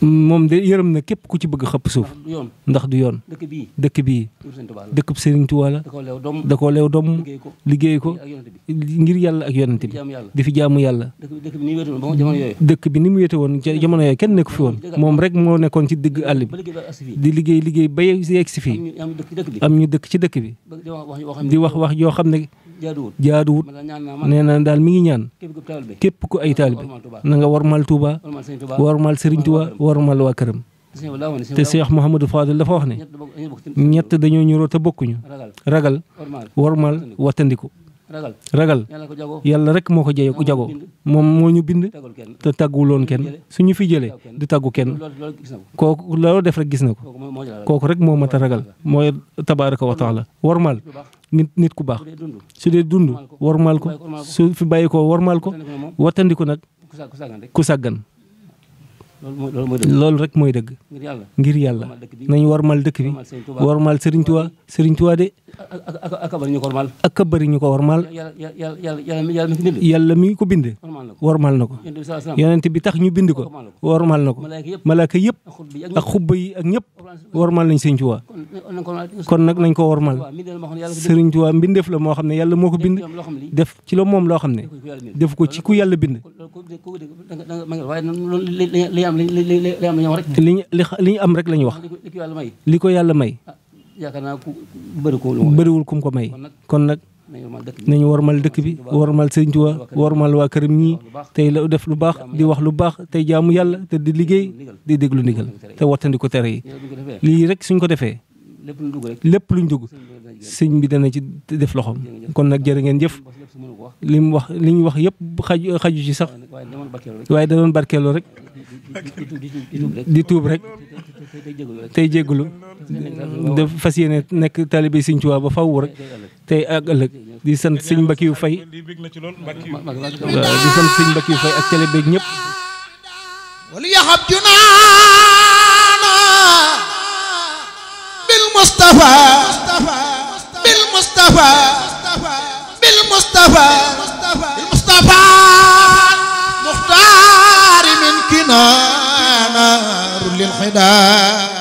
moom de yërëm na képp ku ci bëgg xëpp suuf ndax du yoon dëkk bii dëkkub Serigne Touba la da koo leew doom liggéey ko ngir yàlla ak yonante bi di fi jaamu yàlla dëkk bi ni mu wéete woon jamono yooyu kenn nekku fi woon moom rek moo nekkoon ci digg àll bi di liggéey liggéey ba yegg si fii am ñu dëkk ci dëkk bi di wax wax yoo ne jaaduwut nee na daal mi ngi ñaan képp ku ay taalibe na nga warmal Touba warmal Serigne Touba warmal waa këram te Cheikh Mouhamadou Fadil dafa wax ne ñett dañoo ñuroo te bokkuñu ragal wormal wattandiku ragal yàlla rek moo ko jayoo ku jagoo moom moo ñu bind te tàgguloon kenn suñu fi jëlee di tàggu kenn kooku loolu def rek gis na ko kooku rek moo mat a ragal mooy tabaaraka wa taala wormal nit nit ku baax su dee dund wormal ko su fi bàyyi ko wormal ko wattandiku nag ku sàggan loolu rek mooy dëgg. ngir yàlla nañu warmal dëkk bi warmal Serigne Touba Serigne Touba de. ka bëri ñu ko warmal. yàlla mi ko bind. warmal na ko yonent bi tax ñu bind ko warmal na ko. malaaka yëpp a xubba yi a ñëpp warmal nañ Serigne Touba. kon nag nañ ko warmal Serigne Touba mbindeef la moo xam ne yàlla moo ko bind. def ci la moom loo xam ne def ko ci ku yàlla bind. am li li li am la ñu wax rek. li ñu li ñu am rek la ñu wax. li ko yàlla may. li ko yàlla may. Ah, ku ko bëriwul kum ko may kon nag. nañu warmal dëkk bi war warmal sëñ war warmal waa këram ñii tey la def lu baax di wax lu baax tey jaamu yàlla te di liggéey di déglu ndigal te wattandi ko tere yi lii rek suñ ko defee lépp luñ dugg sëñ bi dana ci def loxoom kon nag jërë ngeen jëf li mu wax li ñu wax yëpp xaju xaju ci sax waaye da doon barkeeloo rek di tuub rek tey jégalu da fas yéene nekk taalibe Sëñ Tuubaa ba faw rek tey ak ëllëg di sant Sëñ Mbackiou Faye di sant Sëñ Mbackiou Faye ak taalibe beeg ñëpp walu yaxab junaana bil Mustafa bil Mustafa da